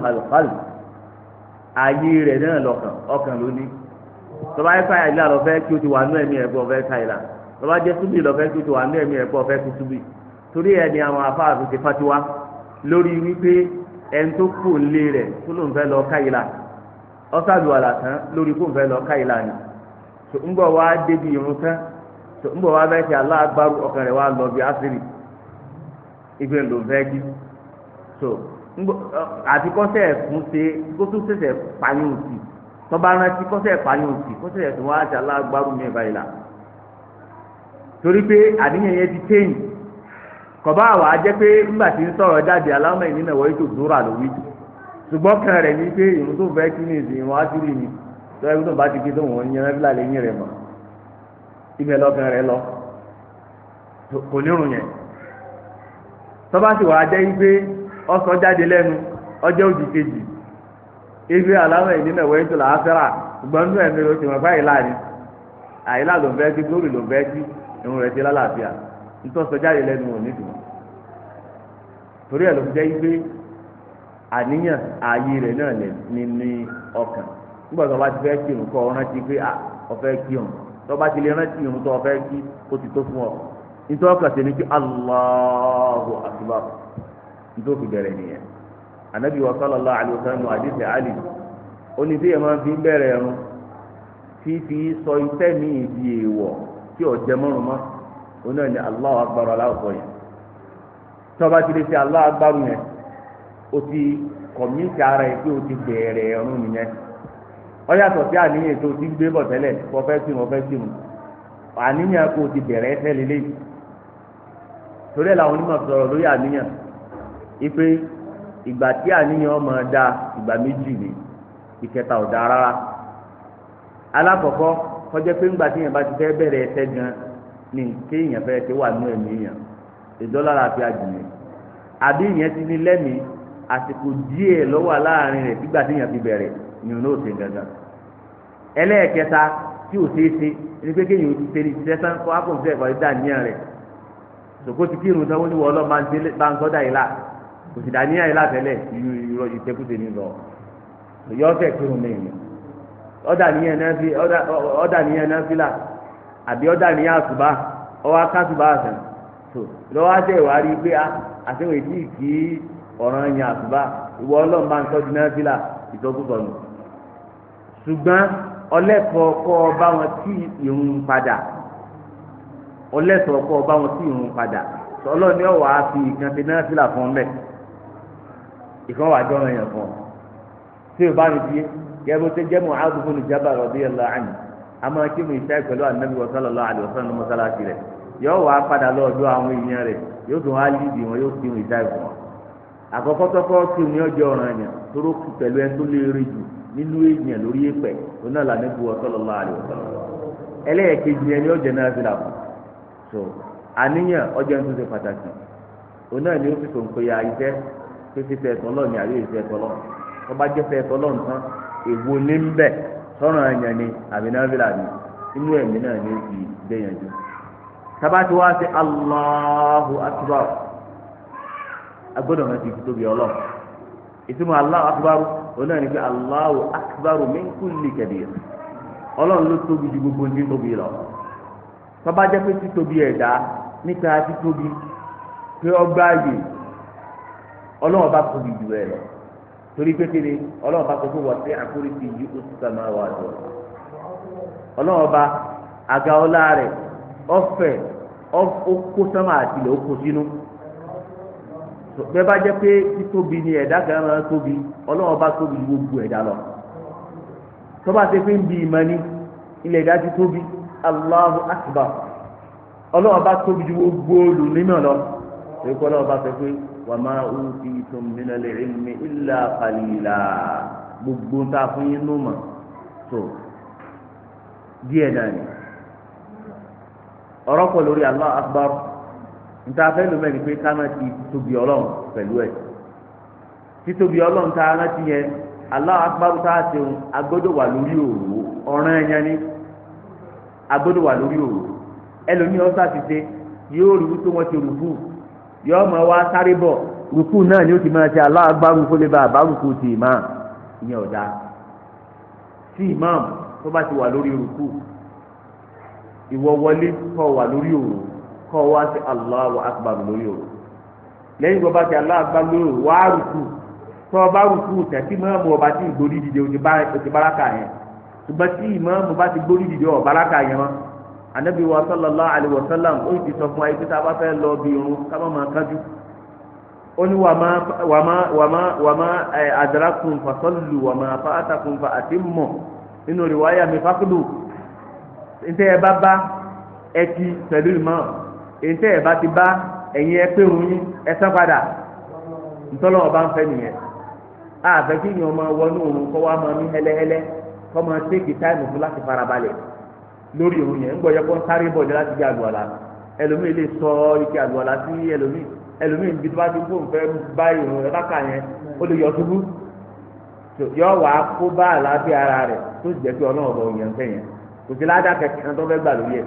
ayé rẹ̀ náà lọ́kàn ọkàn lóní tọ́ba yẹ kí o ti wà nú ẹ̀mí ẹ̀kọ́ ọ̀fẹ́ káyà ilá tọ́ba jẹ́ súbì lọ́fẹ́ kí o ti wà nú ẹ̀mí ẹ̀kọ́ ọ̀fẹ́ kí lọ tán lórí kó ń fẹ́ lọ ni tó ń bọ̀ wá bẹ́ẹ̀ ṣe ọkàn lọ bi asiri ibi ń lò fẹ́ so àti kọ́sẹ̀ fún ṣe kó tún ṣẹ̀ṣẹ̀ òsì rántí òsì la torí pé àníyàn yẹn ti téyìn kọ̀bá àwọ̀ á pé ńgbà tí ń sọ̀rọ̀ jáde náà kan pé ìrùn tó kí ni ìsìn ìrùn á ti rì ní lọ́wọ́ ìrùn tó bá ti ibẹ̀ lọ́kàn rẹ̀ lọ kò nírun yẹn tọ́ba sì wàá jẹ́ pé ọsàn jáde lẹ́nu ọjọ́ òdì kejì ife aláwọ̀ ìdí náà wẹ́ẹ́ tó là á fẹ́ra ṣùgbọ́n nínú ẹ̀mí ló ti mọ̀ báyìí láàrin àyílá ló ń fẹ́ kí lórí ló ń fẹ́ kí irun rẹ̀ ti lálàáfíà nítorí ọsàn jáde lẹ́nu ò ní dùn torí ẹ̀ ló fi jẹ́ pé àníyàn ààyè rẹ̀ náà ní ọkàn nígbà tó bá ti fẹ́ kírun kọ́ ọ tọ́ba ti lè rántí irun tó ọ̀fẹ́ kí ó ti tó fún ọ nítorí ọkàn sí ni kí nítorí anabi wa sallallahu alayhi wa sallam hadith ali oni fi bẹ̀rẹ̀ ẹ̀rùn fífi sọ iṣẹ́ mi ìdí èèwọ̀ tí ò jẹ mọ́rùn mọ́ oní ọ̀nì aláwọ̀ yẹn o ti kọ̀mí ara yẹn ọ yàtọ̀ sí àníyàn tó ti ń gbé bọ̀ tẹ́lẹ̀ wọ́n fẹ́ sí wọn fẹ́ sí wọn àníyàn kò ti bẹ̀rẹ̀ ẹsẹ̀ lélẹ̀ torí ẹ̀ làwọn onímọ̀ sọ̀rọ̀ lórí àníyàn ipe ìgbà tí àníyàn ọmọ da ìgbà méjì ni ìkẹta ò da rárá alákọ̀ọ́kọ́ kọjá pé ńgbà tí èèyàn bá ti fẹ́ bẹ̀rẹ̀ ẹsẹ̀ gan ni kéèyàn fẹ́ ti wà nínú ẹ̀mí èèyàn ìdọ́lára àti àjùmọ̀ àbí ìyẹn ti ní lẹ́mìí àsìkò díẹ̀ lọ́wọ́ láàrin rẹ̀ nígbà tí èèyàn ti bẹ̀rẹ̀ ni òun náà ò ṣe gangan ẹlẹ́ẹ̀kẹta tí ò ṣeé ṣe ẹni pé kéèyàn ojú ni ti tẹ́sán kó ápò fún ẹ̀kọ́ rẹ̀ sòkó ti kírun sanwó ní wọ́ọ́lọ́ bá ń sọ́dà yìí la kò sì dá níyàn yìí la tẹ́lẹ̀ ìrọ̀ ìtẹ́kùtẹ̀ ní lọ yọ ọ́fẹ́ kírun mẹ́rin ọ̀dà náà fi là àbí ọ̀dà àtùbá ọwọ́ akásùbá àtẹ̀ lọ́wọ́ àti ẹ̀wà rí pé ah, àtẹ̀wò ṣùgbọ́n ọlẹ́tọ̀ọ́ kọ́ ọ bá wọn tí ìrun padà ọlẹ́tọ̀ọ́ bá wọn tí ìrun padà tọ́lọ́ ni ọ̀wá fi ìkan ti náà sílà fún mẹ́ ìkan wà jọ ọ̀ràn yẹn fún ọ tí o bá mi di yẹ bó ṣe jẹ́ Mu'adh ibn Jabal radiyallahu anhu a máa kí mu ìṣe pẹ̀lú anabi wa sallallahu alayhi wa sallam mọ́sálásí rẹ̀ yọ wà padà lọ́ọ̀dọ́ àwọn èèyàn rẹ̀ yóò tún wá lídìí wọn yóò fi mu ìṣe fún wọn. àkọ́kọ́ tọ́kọ́ tí omi ọjọ́ ọ̀ràn kù pẹ̀lú ẹni tó lè rí jù nínú èèyàn lórí èpẹ̀ òun náà lànà ìbú sallallahu ẹlẹ́yẹ̀kejì ọjọ́ náà so àníyàn ọjọ́ yẹn tó ṣe pàtàkì òun náà ni ó pe ya iṣẹ́ pé fífẹ́ ẹ̀tọ́ lọ́ọ̀ ni àbí ìfẹ́ ẹ̀tọ́ tó bá jẹ́ fẹ́ ẹ̀tọ́ nǹkan èwo ní ń bẹ̀ sọ́ràn ẹ̀yàn ni agbọdọ máa ti tobi ọlọ ìtumọ̀ Allahu akbaru oní ẹni pé Allahu akbaru min kulli kabir ọlọ́run ló tóbi ju gbogbo ní tóbi lọ tọ́ba jẹ́ pé títóbi ẹ̀dá níta tobi pé ọgbà yìí ẹ lọ torí sí àkórí ti yí oṣù sàmà wà àga ọlá ọkọ sàmà bẹ́ẹ̀ bá jẹ́ pé títóbi ni ẹ̀dá kan máa tóbi ọlọ́run bá tóbi ju gbogbo ẹ̀dá lọ tó bá ṣe pé ń bi ìmọ̀ ni ilẹ̀ ẹ̀dá ti tóbi Allahu akbar ọlọ́run bá tóbi ju gbogbo olùnímọ̀ lọ èyí kọ́ ọlọ́run bá sọ pé wa ma utitum minal ilmi illa qalila gbogbo ń ta fún yín nù mọ̀ tó díẹ̀ náà ni ọ̀rọ̀ pọ̀ lórí Allahu akbar. nta fẹ́ lomẹ́ ni pé ká ti tóbi ọlọ́run pẹ̀lú ẹ̀ títóbi ọlọ́run tá a rántí a ti agbọ́dọ̀ wà lórí lori ọ̀ràn ẹ̀yẹn ni agbọ́dọ̀ lórí òwò ẹlòmíràn ọ̀sà ti ṣe yóò ti rùkú yóò mọ̀ sáré náà ni ti ti ìyẹn tó bá ti wà kọ́ wá sí Allahu akbar lórí o lẹ́yìn tó bá ti Allahu akbar lórí o wá rùkú tó o bá rùkú tẹ̀sí mọ́ọ̀mù ọba tí ìgbórí dìde òtí báraka yẹn ṣùgbọ́n tí ìmọ̀ọ̀mù bá ti gbórí dìde ọ̀ báraka yẹn mọ́ anabi wa sallallahu alayhi wa sallam ó ti sọ fún wa ibi tá a bá fẹ́ lọ bí irun ká má kájú ó ní wàmá wàmá wàmá wàmá adraktum fasallu wàmá fa'atakum fa'atimmu nínú rìwáyà mi fákìlù ntẹ́ ẹ bá bá ẹ ti pẹ̀lú ìmọ̀ọ́ èyí tẹ́ ẹ̀ bá ti bá ẹ̀yin ẹ pé òun yín ẹ sán padà ntọ́lọ́ ọba ń fẹ́ nìyẹn àfẹ́ kí ni ọmọ wọnú òun kọ́ wa máa mí hẹ́lẹ́hẹ́lẹ́ kọ́ máa tẹ́kì táìmù fún láti farabalẹ̀ lórí òun yẹn ńgbọ́ yẹ kó ń sáré bọ̀ jẹ́ láti bí àlùwàlà ẹlòmíì lè sọ ike àlùwàlà sí ẹlòmíì ẹlòmíì níbi tó bá ti fóun fẹ́ bá ìrùn rẹ̀ láka yẹn ó lè yọ ṣubú yọ wàá kó bá àlàáfíà ara rẹ̀ tó sì jẹ́ pé ọlọ́run ọ̀rọ̀ yẹn fẹ́ yẹn kò sí ládàá kẹ̀kẹ́ tó fẹ́ gbà lórí ẹ̀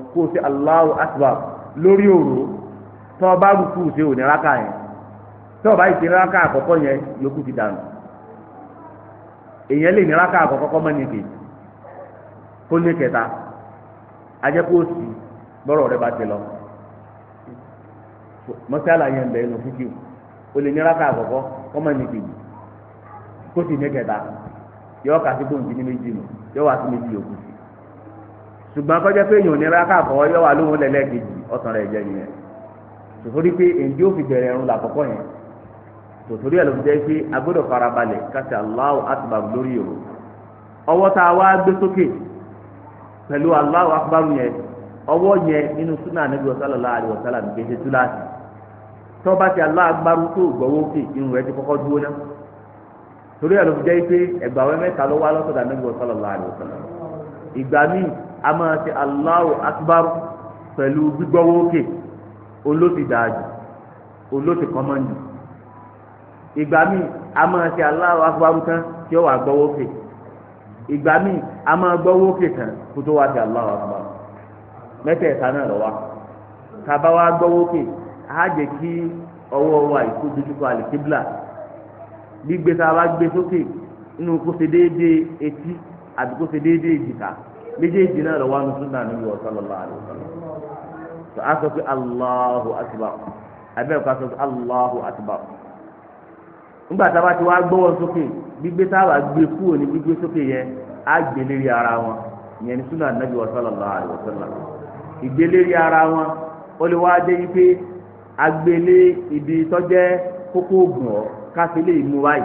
kó o ṣe Allahu akbar lórí òru tó o bá rúkú ṣe òní rákà yẹn tó o bá yìí ṣe rákà àkọ́kọ́ yẹn yòókù ti dànù èèyàn lè ní keta àkọ́kọ́ kọ́ mọ́ni kejì kó ní kẹta ajẹ́ kó o sì lọ́rọ̀ rẹ bá ti lọ mọ́sálà yẹn bẹ̀rẹ̀ o lè ní rákà àkọ́kọ́ kọ́ mọ́ni kejì kó sì ní kẹta yọ ọ́ kà sí ní méjì ṣùgbọ́n kọjá pé èèyàn nira káàkọ́ yọ wà lóhun lẹ́lẹ́kejì ọ̀sán rẹ̀ jẹ́ nìyẹn tòtòrí pé èdè òfin bẹ̀rẹ̀ ẹ̀rùn làkọ́kọ́ yẹn tòtòrí ẹ̀ ló fi jẹ́ pé a gbọ́dọ̀ farabalẹ̀ káṣí Allahu akbar lórí o ọwọ́ tá a wá gbé sókè pẹ̀lú Allahu akbar yẹn ọwọ́ yẹn nínú súnà níbi Allahu a máa ṣe Allahu akbar pẹ̀lú gbígbọ́wọ́ òkè olóṣì olóṣì kọ́mọ́nì ìgbà míì a máa ṣe Allahu akbar tán tí ó wà gbọ́wọ́ òkè ìgbà míì a máa gbọ́wọ́ òkè tán kó tó wá ṣe Allahu akbar mẹ́tẹ̀ẹ̀ta náà lọ́wọ́ kaba wa gbọ́wọ́ òkè á jẹ́ kí ọwọ́ wa ìkó dojúkọ gbígbé tá a bá gbé sókè nínú kó méjèèjì náà lọ́wọ́ àánú súnà níbi tó a sọ pé Allahu akbar abẹ́rẹ́ sọ pé Allahu akbar nígbà tá a bá ti wá gbọ́wọ́ sókè gbígbé tá a bá gbé kúrò ní gbígbé sókè yẹn á gbé lérí ara wọn ìyẹn ní súnà níbi wọ́n sallallahu alaihi ara wọn ó lè wá ibi tọ́jẹ́ kókó ògùn ọ̀ káfílẹ̀ ìmúwáyì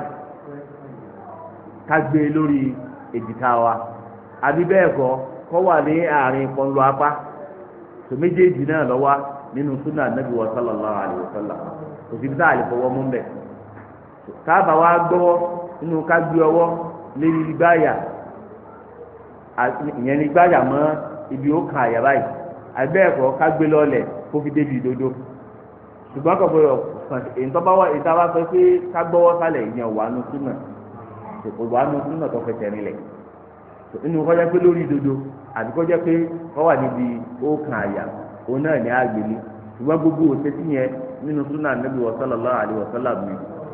ká gbé lórí àbí bẹ́ẹ̀ kọ́ kọ́ wà ní àárín pọ́nlọ apá tó méjèèjì náà lọ́wọ́ nínú súnà nàbí wa sallallahu alaihi wa sallam kò sí bí táà mú káàbà wa gbọ́wọ́ nínú ká gbé ọwọ́ lérí gbáyà ìyẹn ní gbáyà mọ́ ibi ó kan àyà báyìí àbí bẹ́ẹ̀ kọ́ ká gbé inú kọjá pé lórí dodo àti kọjá pé wọn wà níbi ọkàn àyà òun náà ní àgbélé ṣùgbọ́n gbogbo òṣèṣì yẹn nínú súnà níbi sallallahu alaihi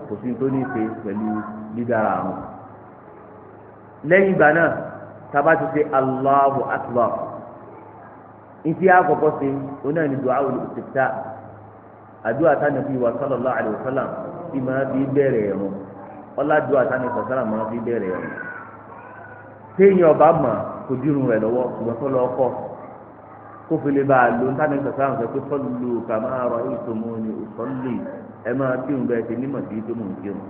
kò sí tó ní í ṣe pẹ̀lú dídára àrùn. lẹ́yìn ìgbà náà tábà ti ṣe Allahu akbar ìfi àkọ́kọ́ ṣe òun náà ní du'a al-istifta àdúrà téèyàn ọba mọ̀ kò dírun rẹ̀ lọ́wọ́ ṣùgbọ́n tó lọ́ọ́ kọ́ kó fi lè bá a lo nítorí sọ̀tà àwọn sọ̀tà pé lu kàmá ọ̀rọ̀ ìtòmù ni òsọ́lì ẹ máa kí n bẹ́ẹ̀ ti nímọ̀ sí tó mò ń kí n.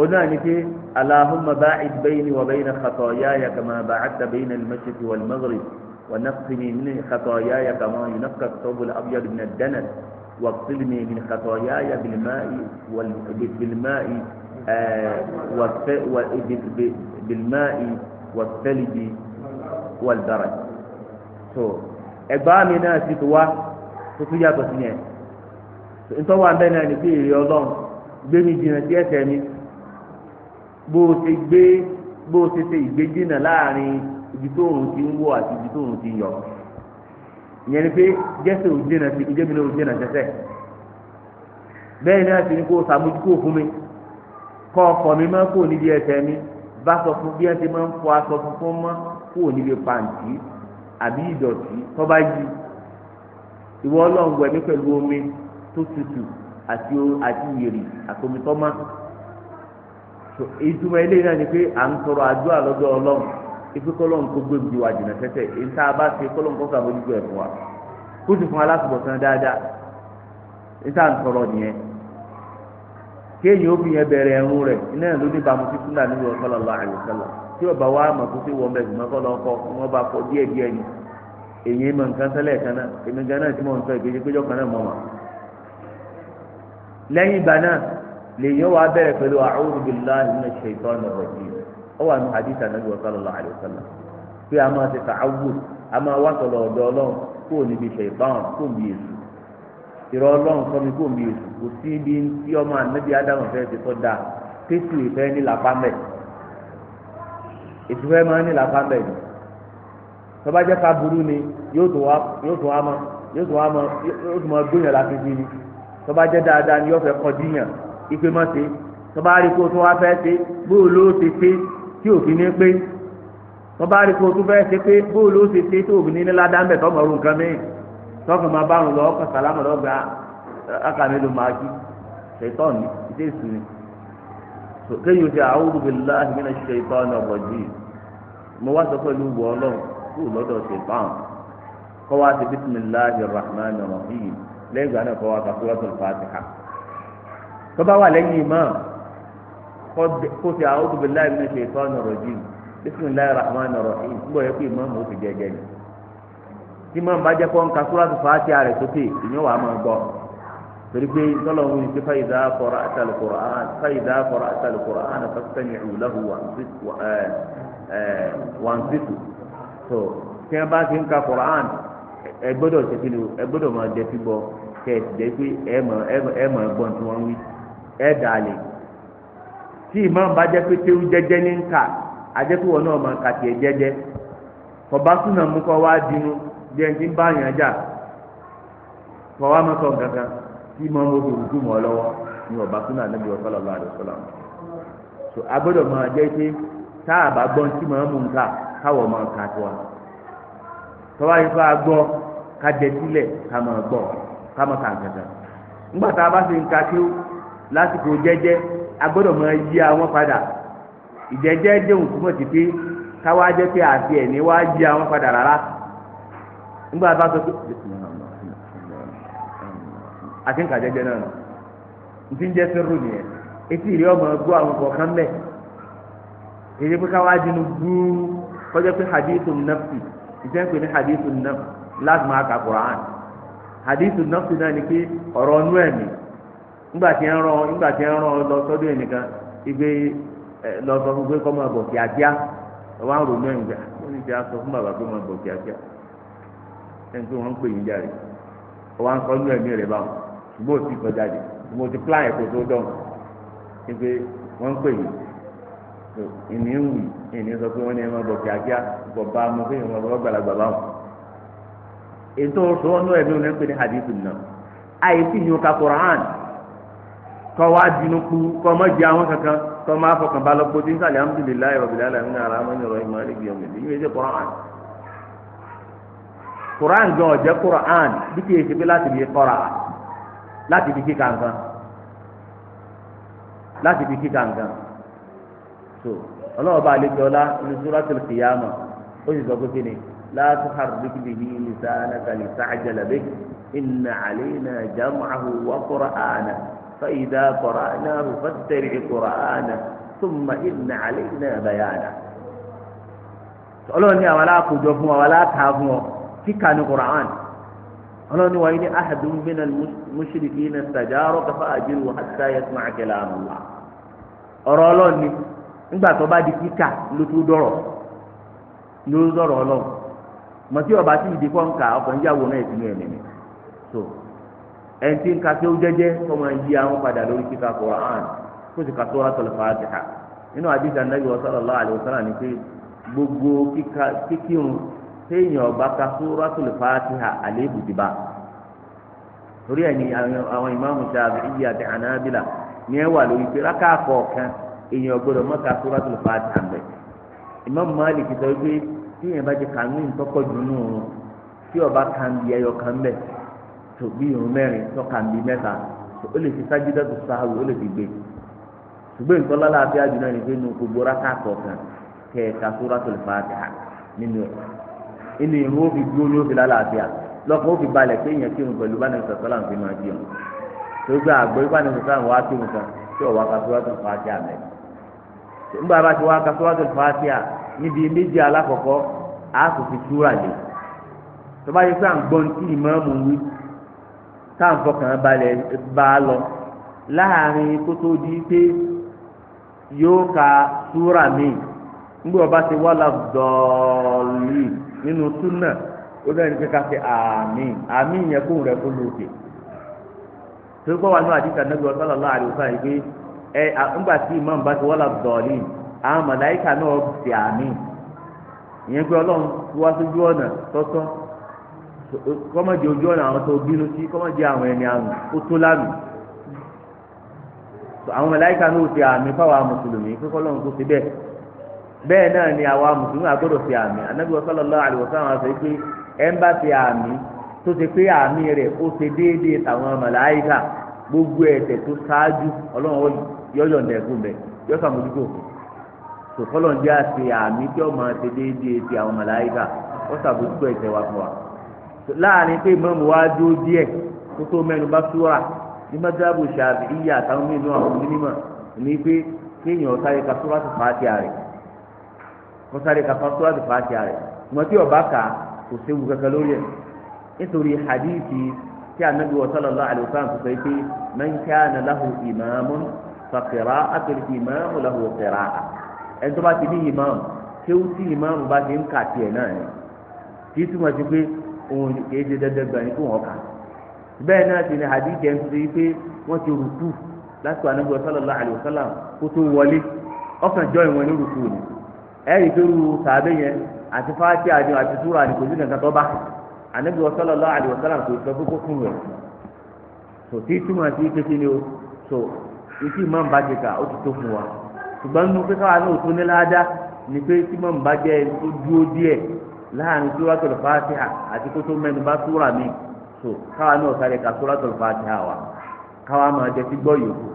ó náà ní pé aláhùnmá bá ìdíbẹ́yìnì wà bẹ́yìn kàtọ́ yáyà kàmá bá àtàbẹ́yìn alimẹ́sẹ̀tì wà lùmọ́gìrì wà nàfsìnì ní kàtọ́ yáyà kàmá yìí nàfkà tóbul abiyad bin dana wà sílmi ní kàtọ́ yáyà bilmáì wà bilmáì wà بالماء والثلج والبرد تو. ẹgbàá mi náà ti tó wá tó tún yàtọ̀ sí yẹn ntọ́wọ́ abẹ́ náà ní pé èrè ọlọ́run gbé mi jìnnà sí ẹ̀ṣẹ̀ mi bó o ṣe gbé bó o ṣe ṣe ìgbéjìnnà láàrin ibi tó òun ti ń wọ̀ àti ibi tó òun ti yọ ìyẹn ni pé jẹ́sẹ̀ ò sí ìjẹ́mi náà ò jìnnà sẹ́sẹ̀ bẹ́ẹ̀ náà sì kó o fún mi kọ́ ọkọ̀ mi máa kó níbi ẹ̀ṣẹ̀ mi bá sọ fún bí wọ́n ti máa ń fọ aṣọ funfun mọ́ kó o níbi pàǹtí àbí ìdọ̀tí tọ́ba yìí ìwọ ọlọ́run wẹ̀ mí pẹ̀lú omi tó tutù àti àti ìyèrì àtomitọ́má ìtumọ̀ eléyìí náà ni pé à ń tọrọ àdúrà lọ́dọ̀ ọlọ́run ife kọlọ́n kó gbé bi wà jìnnà tẹ́tẹ́ ìta bá ṣe kọlọ́n kó sàbójútó ẹ̀ fún wa kó sì fún alásùbọ̀sán dáadáa ìta ń tọrọ nìyẹn. kéèyàn obìnrin bẹ̀rẹ̀ ẹ̀rùn rẹ̀ iná ẹ̀ ló ní sí lọ́la wa mọ̀ bẹ̀ gbọ́n kọ́ lọ́ kọ́ bá kọ́ díẹ̀ díẹ̀ ni èyí mọ̀ nǹkan sẹ́lẹ̀ kan náà èmi gan náà tí ìgbésẹ̀ péjọ kan náà mọ̀ lẹ́yìn ìgbà náà lèyìn wa bẹ̀rẹ̀ pẹ̀lú a'udhu billahi minash a máa ti a ìrọ̀ ọlọ́run sọ mi kó mi èsù kò sí ibi tí ọmọ ànábì ádámù fẹ́ ti tọ́ da tẹ́sù ìfẹ́ ní làpámẹ́ èsù fẹ́ máa ní làpámẹ́ ni tọ́ba jẹ́ ká burú ni yóò tún wá yóò tún wá mọ́ yóò tún wá mọ́ yóò tún mọ́ gbóyàn láti fi ni tọ́ba jẹ́ dáadáa ni yóò fẹ́ kọ́ díyàn ipe mọ́ ṣe tọ́ba rí kó tún wá fẹ́ ṣe bóò ló ṣe ṣe tí òfin ní pé tọ́ba rí kó tún fẹ́ ṣe pé bóò ló ṣe ṣe tí òfin ní ládàá tọ́kàn máa bá àrùn lọ ọkàn sàlámù lọ́gbà akàmìlò máa kí ṣètọ́ ni ìdí èsì ni kéyìn oṣù a'udhu billahi minash shaitani rrajim mo wá sọ pẹ̀lú wọ ọlọ́run kú lọ́dọ̀ ṣètọ́n kọ́ wá sí bismillahir rahmanir rahim lẹ́yìn ìgbà náà kọ́ wá ka suratul fatiha tó bá wà lẹ́yìn ìmọ̀ kó ṣe a'udhu billahi minash shaitani rrajim bismillahir rahmanir rahim tí máa ń bá jẹ́ kó ń ka súrátù fàátì ààrẹ sókè ìyẹn wàá máa gbọ́ torí pé tọ́lọ́mù ní pé fàyídà kọ́ra àtàlù Qur'an fàyídà kọ́ra àtàlù Qur'an fastami'u lahu wa eh, eh, ansitu tó tí wọ́n bá ti ń ka Qur'an ẹ gbọ́dọ̀ ṣe kíni ẹ gbọ́dọ̀ máa jẹ́ ti gbọ́ kẹ́ ẹ ti jẹ́ pé ẹ mọ̀ ẹgbọ́n tí wọ́n wí ẹ dà lè tí ìmáàmù bá jẹ́ pé tẹ́wú jẹ́jẹ́ ní ń kà àjẹ́kùwọ̀ náà máa kà tiẹ̀ jẹ́jẹ́ kọ̀bá súnà mú kọ́ wá dínú bí ẹni tí ń bá yàn jà kọ́ wa mọ́tò kankan tí mọ́ mo fi rúkú mọ́ lọ́wọ́ ni ọba súnà níbi ọ̀sán lọ́la rẹ̀ sọ́la so agbọ́dọ̀ máa jẹ́ pé tá a bá gbọ́n tí màá mú ka tó ka kí ó lásìkò jẹ́jẹ́ máa yí àwọn padà ìjẹ́jẹ́ òun túmọ̀ sí pé káwá jẹ́ pé àti ẹ̀ ní wá yí àwọn padà rárá. nígbà bá sọ pé àti nǹkan jẹjẹ náà n ti ń jẹ sẹ́rù nìyẹn etí ìrí ọmọ gbọ́ àwọn kọ̀ọ̀kan bẹ̀ èyí pé káwá dínú gbúú kọjá pé hadithu nafsi ìṣe ń pè ní hadithu nafsi láti máa ka Qur'an hadithu nafsi náà ni pé ọ̀rọ̀ ọ̀nú ẹ̀mí nígbà tí ń rán nígbà tí ń rán lọ ẹnìkan lọ sọ fún pé kọ́ máa bọ̀ kíákíá á rò ah, ní ẹ̀yìn ẹni pé wọ́n ń pè yín jáde ọwọ́ ń sọ nínú ẹ̀mí rẹ̀ báwọn ṣùgbọ́n ò sì sọ jáde mo ti plan ẹ̀kọ́ tó dán ẹ pé wọ́n ń pè yín ìní ń wì ìní sọ pé wọ́n ní ẹ máa bọ̀ kíákíá bọ̀ bá mo pé ìwọ̀n bọ̀ gbàlagbà báwọn ètò ọ̀sọ́ nínú ẹ̀mí rẹ̀ ń pè ní hadithu náà àìsí ìyó ka Qur'an kọ́ wá dínú kú kọ́ mọ́ jẹ àwọn kankan kọ́ máa fọkàn balọ̀ pé tí ń sàlẹ̀ alhamdulilayi wa bilalayi wa quran gan ọjẹ quran bí kìí ṣe pé láti fi kọra láti fi kíkà nǹkan láti fi kíkà nǹkan so ọlọ́wọ́ bá àlejò ọlá ní suratul qiyamah ó sì sọ pé kí ni la tuharrik bihi lisanaka lita'jala bihi inna alayna jam'ahu wa qur'ana fa idha qara'nahu fattabi' qur'ana thumma inna alayna bayana ọlọ́wọ́ ní àwọn alákòjọ fún ọ àwọn aláta fún ọ kíkà ní Qur'an ọlọ́ni wáyé ní ahadun bínú mushrikina istajāraka kafa àjẹrò hatta yasma'a kalām Allah ọ̀rọ̀ ọlọ́ni nígbà tó bá di kíkà ló tó dọ̀rọ̀ ló dọ̀rọ̀ ọlọ́run mọ̀tí ọba tí ìdí kọ́ ń kà ọkọ̀ ń yàwó náà ìdílé ẹ̀mí so ẹni tí ń ka kí ó jẹ́jẹ́ kọ́ máa yí àwọn padà lórí kíkà Qur'an kó sì ka Sūratul Fātiha nínú àdìsí Ànábì sallallahu alaihi wasallam ni pé gbogbo téèyàn ọba ka suratul fatiha àléébù ti bá torí ẹni àwọn ìmáàmù Shafi'i àti Hanabila ní ẹ wà lórí pé rákà èèyàn má ka suratul fatiha mẹ́ ìmáàmù Malik sọ pé téèyàn bá ti kàánú ìtọ́kọ̀ dùnú tí ọba kan bí ẹyọ kan mẹ́ tòbí irun mẹ́rin tọ́ka bí mẹ́ta ó lè fi tó ó lè fi gbé ṣùgbọ́n nǹkan pé nu gbogbo rákà inú ìrú òfin dúró ní òfin lálàáfíà lọ́kàn òfin balẹ̀ pé èèyàn kírun pẹ̀lú bá nàìjíríà sọ̀tọ́ láǹfin máa kí wọn torí pé àgbẹ̀ bá nàìjíríà sọ̀tọ́ àwọn akírun kan tí ọ̀wá kásíwájú fàájì àmẹ́ nígbà bá ti wá kásíwájú fàájì à níbi méjì alákọ̀ọ́kọ́ àásùfin túrà lè tó bá yẹ pé à ń gbọ́n tí ìmọ̀ọ́mù wí táǹfọkàn balẹ̀ bá a lọ láàrin kótó di pé yóò ka súrà míì nígbà wọn bá ti wá la dọ̀ọ̀lì nínú súnà ó dẹ́ni pé ká fi àmín àmín yẹn kóhùn rẹ̀ kó lóòkè tó gbọ́ wa ní àdìsá nàbí wọn sọlọ láàrin òfin àyè pé ẹ nígbà tí ìmáàmù bá ti wá la dọ̀ọ̀lì àwọn màláìkà náà fi àmín ìyẹn pé ọlọ́run tó wá sójú ọ̀nà tọ́tọ́ kọ́mọ̀dé ojú ọ̀nà àwọn tó bínú sí kọ́mọ̀dé àwọn ẹni àrùn ó tó lánàá àwọn màláìkà náà fi àmín fáwọn mùsùlùmí pé kọ́lọ́run tó ti bẹ́ẹ̀ bẹ́ẹ̀ náà ni àwa mùsùlùmí àgbọ́dọ̀ fi àmì anabi sallallahu alaihi wasallam sọ pé ẹ ń bá fi àmì tó ṣe pé àmì rẹ̀ ó ṣe déédéé tàwọn gbogbo ẹ̀ṣẹ̀ tó ṣáájú ọlọ́run yọ̀yọ̀ ǹdẹ̀kùn bẹ̀ yọ sàmójúkò sòkòlò ń jẹ́ àti àmì tí ọmọ déédéé ti àwọn màláíkà ó sàmójúkò ẹ̀ṣẹ̀ wa fún wa láàrin pé wa dúró díẹ̀ kó tó mẹ́nu bá súra ní mọ́tàbù kó sáré ka fásitì àti fàákì rẹ̀ mọ̀tí ọba kà kò séwu kankan lórí ẹ̀ nítorí hadithi tí anabi wa sallallahu alayhi wa sallam sọ pé man kana lahu imamun fa qira'atul imamu lahu qira'a ẹni tó bá ti ní imamu kéwù tí imamu bá ti ń kà tiẹ̀ náà ni kì í túmọ̀ sí pé òun kìí ṣe dandan gbà ní kó wọn kà bẹ́ẹ̀ náà ti ní hadithi ẹni tó ṣe pé wọ́n ti rùkú láti wà anabi wa sallallahu alayhi wa sallam kó tó wọlé ọkàn jọ ìwọ̀n ní rùkú ni. ẹ̀rí tó ru sàbẹ̀ yẹn àti fáti àdìo àti túra àdìo kò sí kankan tó bá ànábi sallallahu alaihi wasallam kò sọ fúnkó fún rẹ̀ tò tí túmọ̀ sí kékeré ni o tò ìtì máa ń bá jẹ ká ó ti tó fún wa ṣùgbọ́n nínú pé káwa náà tó ní ládàá ni pé tí máa ń bá jẹ tó dúró díẹ̀ láàrin àti kó tó mẹ́nu bá mi ka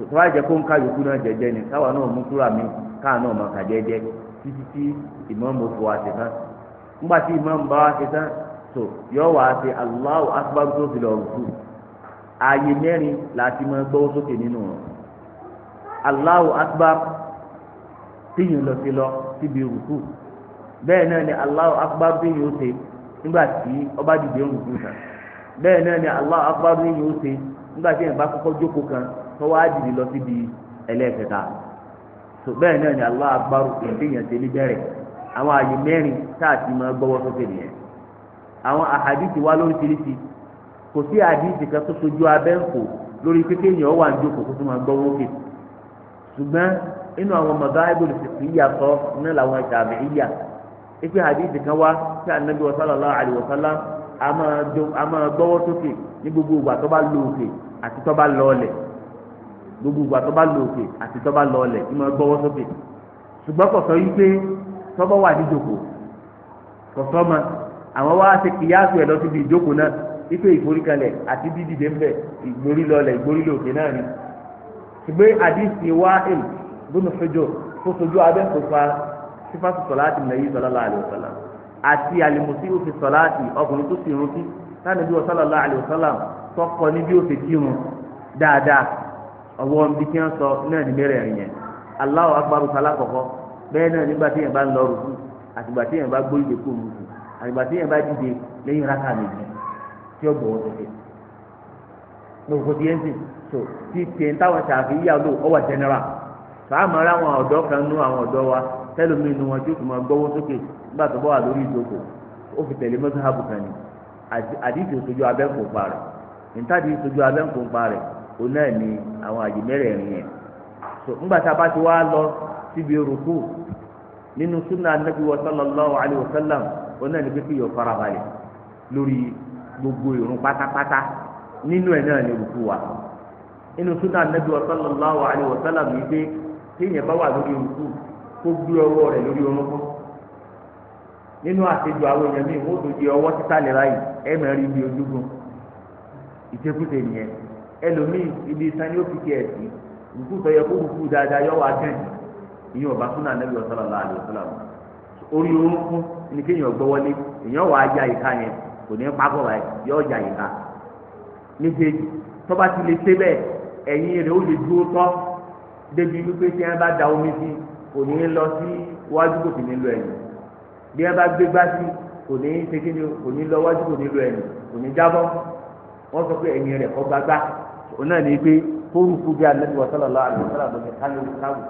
tó bá jẹ kó ń kálukú náà jẹjẹ ni káwa náà mú kúrò àmì káà náà máa kà jẹjẹ títí tí ìmáàmù fò wá ṣe tán ńgbà tí ìmáàmù bá wá ṣe tán tó yọ wá ṣe Allahu akbar tó fi lọ rùkú ààyè mẹ́rin láti gbọ́ sókè nínú tíyìn lọ sí lọ síbi bẹ́ẹ̀ náà ni tíyìn ó ṣe nígbà tí ọba dìde tán bẹ́ẹ̀ náà ni tó wá jìnnì lọ síbi ẹlẹ́ẹ̀kẹta tó bẹ́ẹ̀ náà ni Allahu Akbar èèyàn ṣe ní bẹ̀rẹ̀ àwọn àyè mẹ́rin táàtì máa gbọ́wọ́ sókè nìyẹn àwọn àhàdìsì wá lóríṣiríṣi kò sí àdìsì kan tó sojú abẹ́ ń kò lórí pé kéèyàn wà ní ìjókòó tó tó máa gbọ́wọ́ sókè ṣùgbọ́n inú àwọn mọ̀gá ibùdó ṣèṣì ìyá sọ náà làwọn ìṣàmì ìyá ife àdìsì kan wá sí ànábi sallallahu alaihi wasallam gbogbo ìgbà tó bá lọ òkè àti tó bá lọ ọlẹ̀ ìmọ̀ gbọ́wọ́ sókè ṣùgbọ́n kò sọ yìí pé tó bá wà níjòkó kò sọ ma àwọn wá ṣe kìyàsù ẹ̀ lọ síbi ìjókòó náà ipe ìforíkalẹ̀ àti dídìde ń bẹ̀ ìgborí lọlẹ̀ ìgborí lòkè náà ni ṣùgbọ́n àdìsí wá èlò bónú fẹjọ tó sojú abẹ́ tó fa sífàtú sọláàtì nàìjíríà sọláàlá àlùsọlá àti àlùmùsí òfin sọláàtì ọkùnrin tó sì rántí sáà nàìjíríà sọláàlá àlùsọlá tọkọ ní bí ó ṣe kírun dáadáa ọwọ́ níbi tí wọ́n sọ náà ní mẹ́rẹ̀ ẹ̀rìn yẹn Allahu akbar sálá kọ̀kọ́ bẹ́ẹ̀ náà nígbà tí yẹn bá ń lọ rùkú àtìgbà tí yẹn bá gbóyè dé kó rùkú àtìgbà tí yẹn bá dìde lẹ́yìn rákà méjì tí ó bọ̀wọ̀ tẹ̀lé lóko tí yẹn sìn so tí tèè táwọn ṣàfi yíyá lò ọwọ́ jẹnẹra sàmọ́ ra àwọn ọ̀dọ́ kan nú àwọn ọ̀dọ́ wa tẹ́lómi nu wọn tí ó ona náà ni àwọn àyè mẹ́rẹ̀ẹ̀rin yẹn so ńgbà tá a bá ti wá lọ síbi rúkú nínú súnà anábì wa sallallahu alayhi wa ni pé kí yóò lórí gbogbo ìrun pátápátá nínú ẹ̀ náà ni wa nínú súnà anábì wa sallallahu alayhi pé kéèyàn bá wà lórí rúkú kó gbé ọwọ́ rẹ̀ lórí orúnkún nínú àtijọ́ àwọn èèyàn tó di ọwọ́ ẹlòmíì ibi isan ni ó fi kí ẹ sí nkú tó yẹ kó kúkú dáadáa yọ wá gẹ̀ ìyẹn ọba súnà nàbí ọ̀sán ọ̀la àlè ọ̀sán ọ̀la orí orúnkún ni kéèyàn gbọ́ wọlé èèyàn wàá ya ìka yẹn kò ní pákó rẹ yọ ya ìka méjèèjì tọ́ba ti lè ṣe bẹ́ẹ̀ ẹ̀yìn rẹ̀ ó lè dúró tọ́ débi wípé tí wọ́n bá da omi sí kò ní lọ sí wájú kò sì ní lọ ẹ̀yìn bí wọ́n bá gbé gbá sí kò ní ṣe kí ni kò ní lọ wájú kò ní lọ ẹ̀yìn kò ní jábọ́ wọ́n sọ pé ẹ̀yìn rẹ̀ kọ́ gbagbá òun náà ní pé kórufu bí alẹ́ wa sallallahu alaihi wa sallam lọ́kẹ́ kálí ní káwù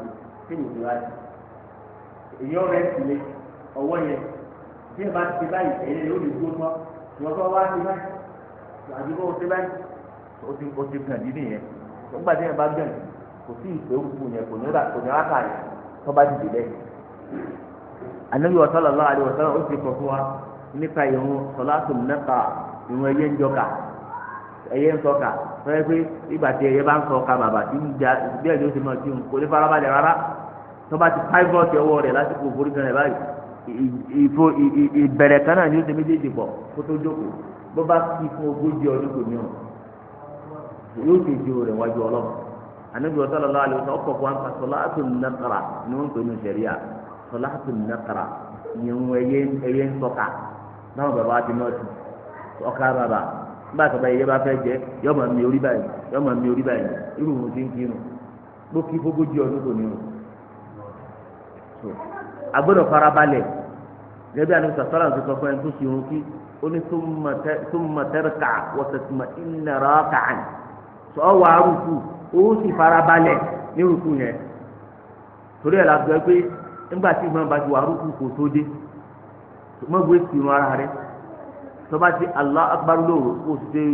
sí kéwì ní wáyé èyàn rẹ̀ sì yẹ ọwọ́ yẹn bí ẹ bá ti báyìí ẹ̀yẹ yóò lè dúró tán ìwọ́n bá wá ti báyìí àdúgbò ó ti báyìí ó ti ó ti gàn dídì yẹn nígbà tí ẹ bá gàn kò sí ìpè òkú yẹn kò ní rà kò ní rà yẹn tó bá dìde bẹ́ẹ̀. Ànábì wa sallallahu alaihi wa sallam ó ti kọ̀ fún wa nípa ìrun sọlá tó nẹ́ta ìrun ẹyẹ ń jọ kà. ẹyẹ ń sọkà fẹ́ pé ìgbà tí ẹyẹ bá ń sọkà bàbà tí ń ja bẹ́ẹ̀ ni ó ti mọ̀ tí ń kó fara farabalẹ̀ rárá tó bá ti pivot ọwọ́ rẹ̀ lásìkò òforí kan rẹ̀ báyìí ìfo ìbẹ̀rẹ̀ kan náà ni ó ti méjèèjì kó tó jókòó bó bá fún ogójì ọdún kò ní yóò ti di wájú ọkọ̀ nígbà tó bá yẹ bá fẹ́ jẹ yọ máa mi orí báyìí yọ máa mi orí báyìí irú òun ti ń kírun ló kí fógójì ọdún kò ní o agbọ́dọ̀ farabalẹ̀ gẹ́gẹ́ àni sàtọ́lá ń sọ fún ẹni tó ṣirun kí ó ní súnmọ́ tẹ́rẹ̀kà wọ́sẹ̀tìmọ̀ ìnara kàn sọ wà á rúkú ó sì farabalẹ̀ ní rúkú yẹn torí ẹ̀ la pé nígbà tí bá ti wà rúkú kò tó dé ara tọba ti Allah akbar lóru o ti dé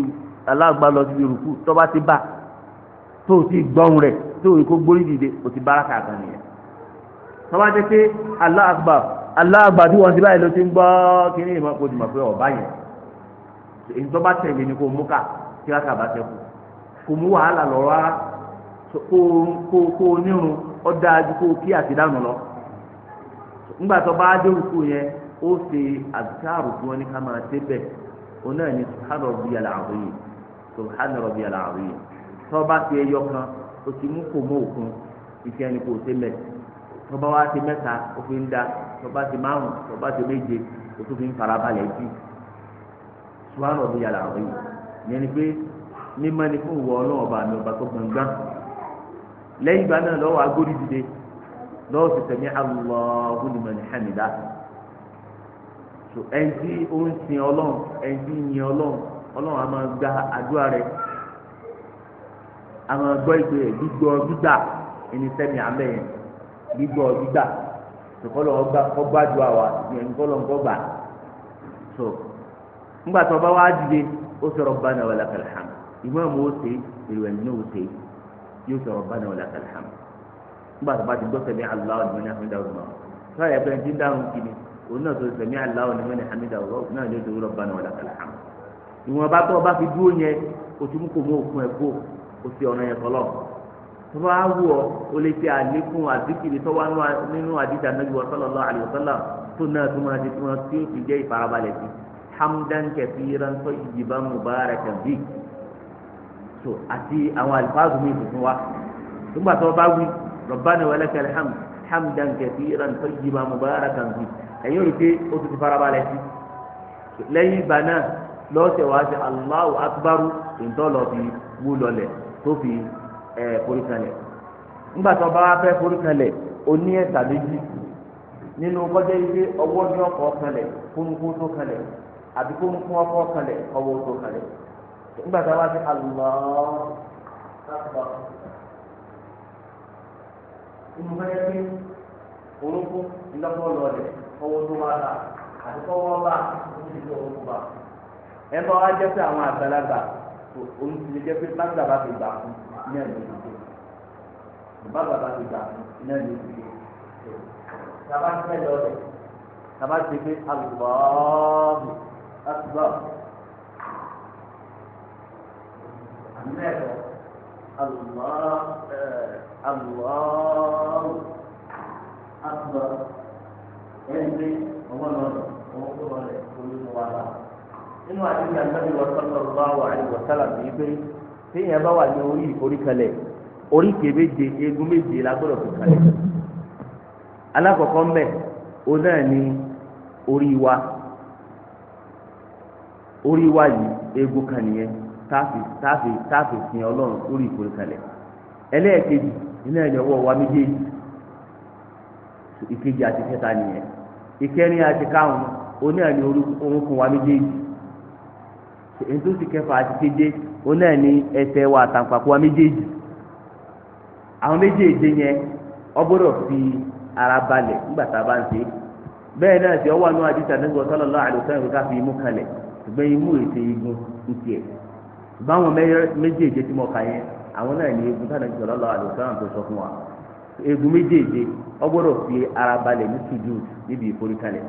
Allah akbar lọ síbi rúkú tọba ti bá tó o ti gbọ́n rẹ̀ tó o kó gbórí dìde o ti bára kàkà nìyẹn tọba ti pé Allah akbar Allah akbar tí wọ́n ti báyìí ló ti gbọ́ kíní ìmọ̀ kó o ti mọ̀ pé ọ̀bá yẹn èyí tọba tẹ̀lé ni kó o mú ká kí wákà bá tẹ̀ kù wàhálà lọ rárá kó o nírun ọ̀ dáa ju kó o kí àtidánù lọ ńgbà tó bá dé rúkú yẹn ó ṣe àdìsáàrù tí wọ́n ní ká máa ṣe bẹ́ẹ̀ ó náà ní subhánà rabbiyal azim subhánà rabbiyal azim tó bá ṣe ẹyọ kan ó ti mú kò mọ́ òkun iṣẹ́ ni kò ṣe mẹ́ tó bá wá ṣe mẹ́ta ó fi ń da tó bá ṣe márùn tó bá ṣe méje ó tún fi ń farabalẹ̀ jù subhánà rabbiyal azim ìyẹn ni pé mímọ́ ni fún ìwọ ọlọ́run ọba mi ọba tó gbọ̀ngàn lẹ́yìn ìgbà náà lọ́wọ́ agórí dìde lọ́wọ́ sì sẹ́mi Allahu liman tó ẹni tí ó ń sin ọlọ́run ẹni tí ń yin ọlọ́run ọlọ́run a máa gba àdúrà rẹ a máa gbọ́ ìpè rẹ gbígbọ́ gbígbà ẹni sẹ́mi àmẹ́ yẹn gbígbọ́ gbígbà tòkọ́lọ́ ọgbà àdúrà wa ìyẹn ńkọ́lọ́ ńkọ́gbà tó ńgbà tó bá wá dìde ó sọ̀rọ̀ rabbana wa lakal hamd ìmáàmù ó ṣe ìrìwẹ̀n ní ó ṣe yóò sọ̀rọ̀ rabbana wa lakal hamd ńgbà tó bá ti gbọ́ sẹ́mi aláwọ̀ ìgbọ́n ní òun náà tó sẹmí aláwọ ní mẹni hamida ọlọ òun náà lè dúró lọ bani wàlá kàlá hàn ìwọn bá tó o bá fi dúró yẹn o ti mú kó mú òkun ẹ kó o fi ọ̀nà yẹn kọlọ tó bá wù ọ o lè fi àlékún àdìkiri tó wà nínú àdìjà nàbí wa sọlọlọ àlùsọlọ tó náà tó máa di tó máa tí o jẹ ìfarabalẹ̀ sí hamdan kẹfìrán tó ìdìbà mubarakan bí so àti àwọn àlùfáàgùn mi tuntun wa nígbà tó bá wí rabbana wa hamdan kẹfìrán tó ìdìbà mubarakan bí. ẹ̀yin rí i pé ti ti farabalẹ̀ sí lẹ́yìn ìgbà náà lọ́sẹ̀ wá sí Allahu akbaru ìtọ́lọ̀ fi wú lọlẹ̀ tó fi ẹ̀ forí kanlẹ̀ ńgbà tó bá fẹ́ forí kanlẹ̀ ó ní ẹ̀sà méjì nínú kọjá ilé ọwọ́ ní ọkọ̀ kanlẹ̀ kónkó tó kanlẹ̀ àbí kónkó ọkọ̀ kanlẹ̀ ọwọ́ tó ńgbà tó owó tó àti kọ́wọ́ bá oṣù tó owó ẹ bá wá jẹ́ pé àwọn àgbàlagbà òun ti lè jẹ́ pé bàbá bá ti gbà fún ní ẹ̀mí ìdíje bàbá bá ti gbà fún ní ẹ̀mí bàbá ti bàbá ti ẹni pé ọmọ náà rẹ ọmọ tó lọ rẹ olóyún wa bá nínú àdúgbò àgbàdo wà sálà pé téèyàn bá wà ní orí orí kèméje egun méje fi alákọ̀ọ́kọ́ mbẹ náà orí wa orí wa yìí egun kan nìyẹn táàfì táàfì táàfì fi Ọlọ́run ẹlẹ́ẹ̀kejì méjèèjì. ìkejì àti kẹta nìyẹn ìkẹrin àti karùn oní ẹni orúnkún wa méjèèjì ètòsí kẹfà àti keje oní ẹni ẹsẹ̀ wa àtàǹpàkò wa méjèèjì àwọn méjèèjì yẹn fi ara balẹ̀ nígbà a bá ń ṣe bẹ́ẹ̀ náà sì ọwọ́ àánú àdìsí àdìsí sallallahu alaihi wasallam ká fi imú kalẹ̀ ṣùgbọ́n imú ètè igun ń tiẹ̀ báwọn méjèèjì tí mo kà yẹn àwọn náà ní igun tá a nàìjíríà sallallahu alaihi tó sọ fún wa. egun méjèèje ọ gbọ́dọ̀ fi ara balẹ̀ ní tùjú níbi ìforíkalẹ̀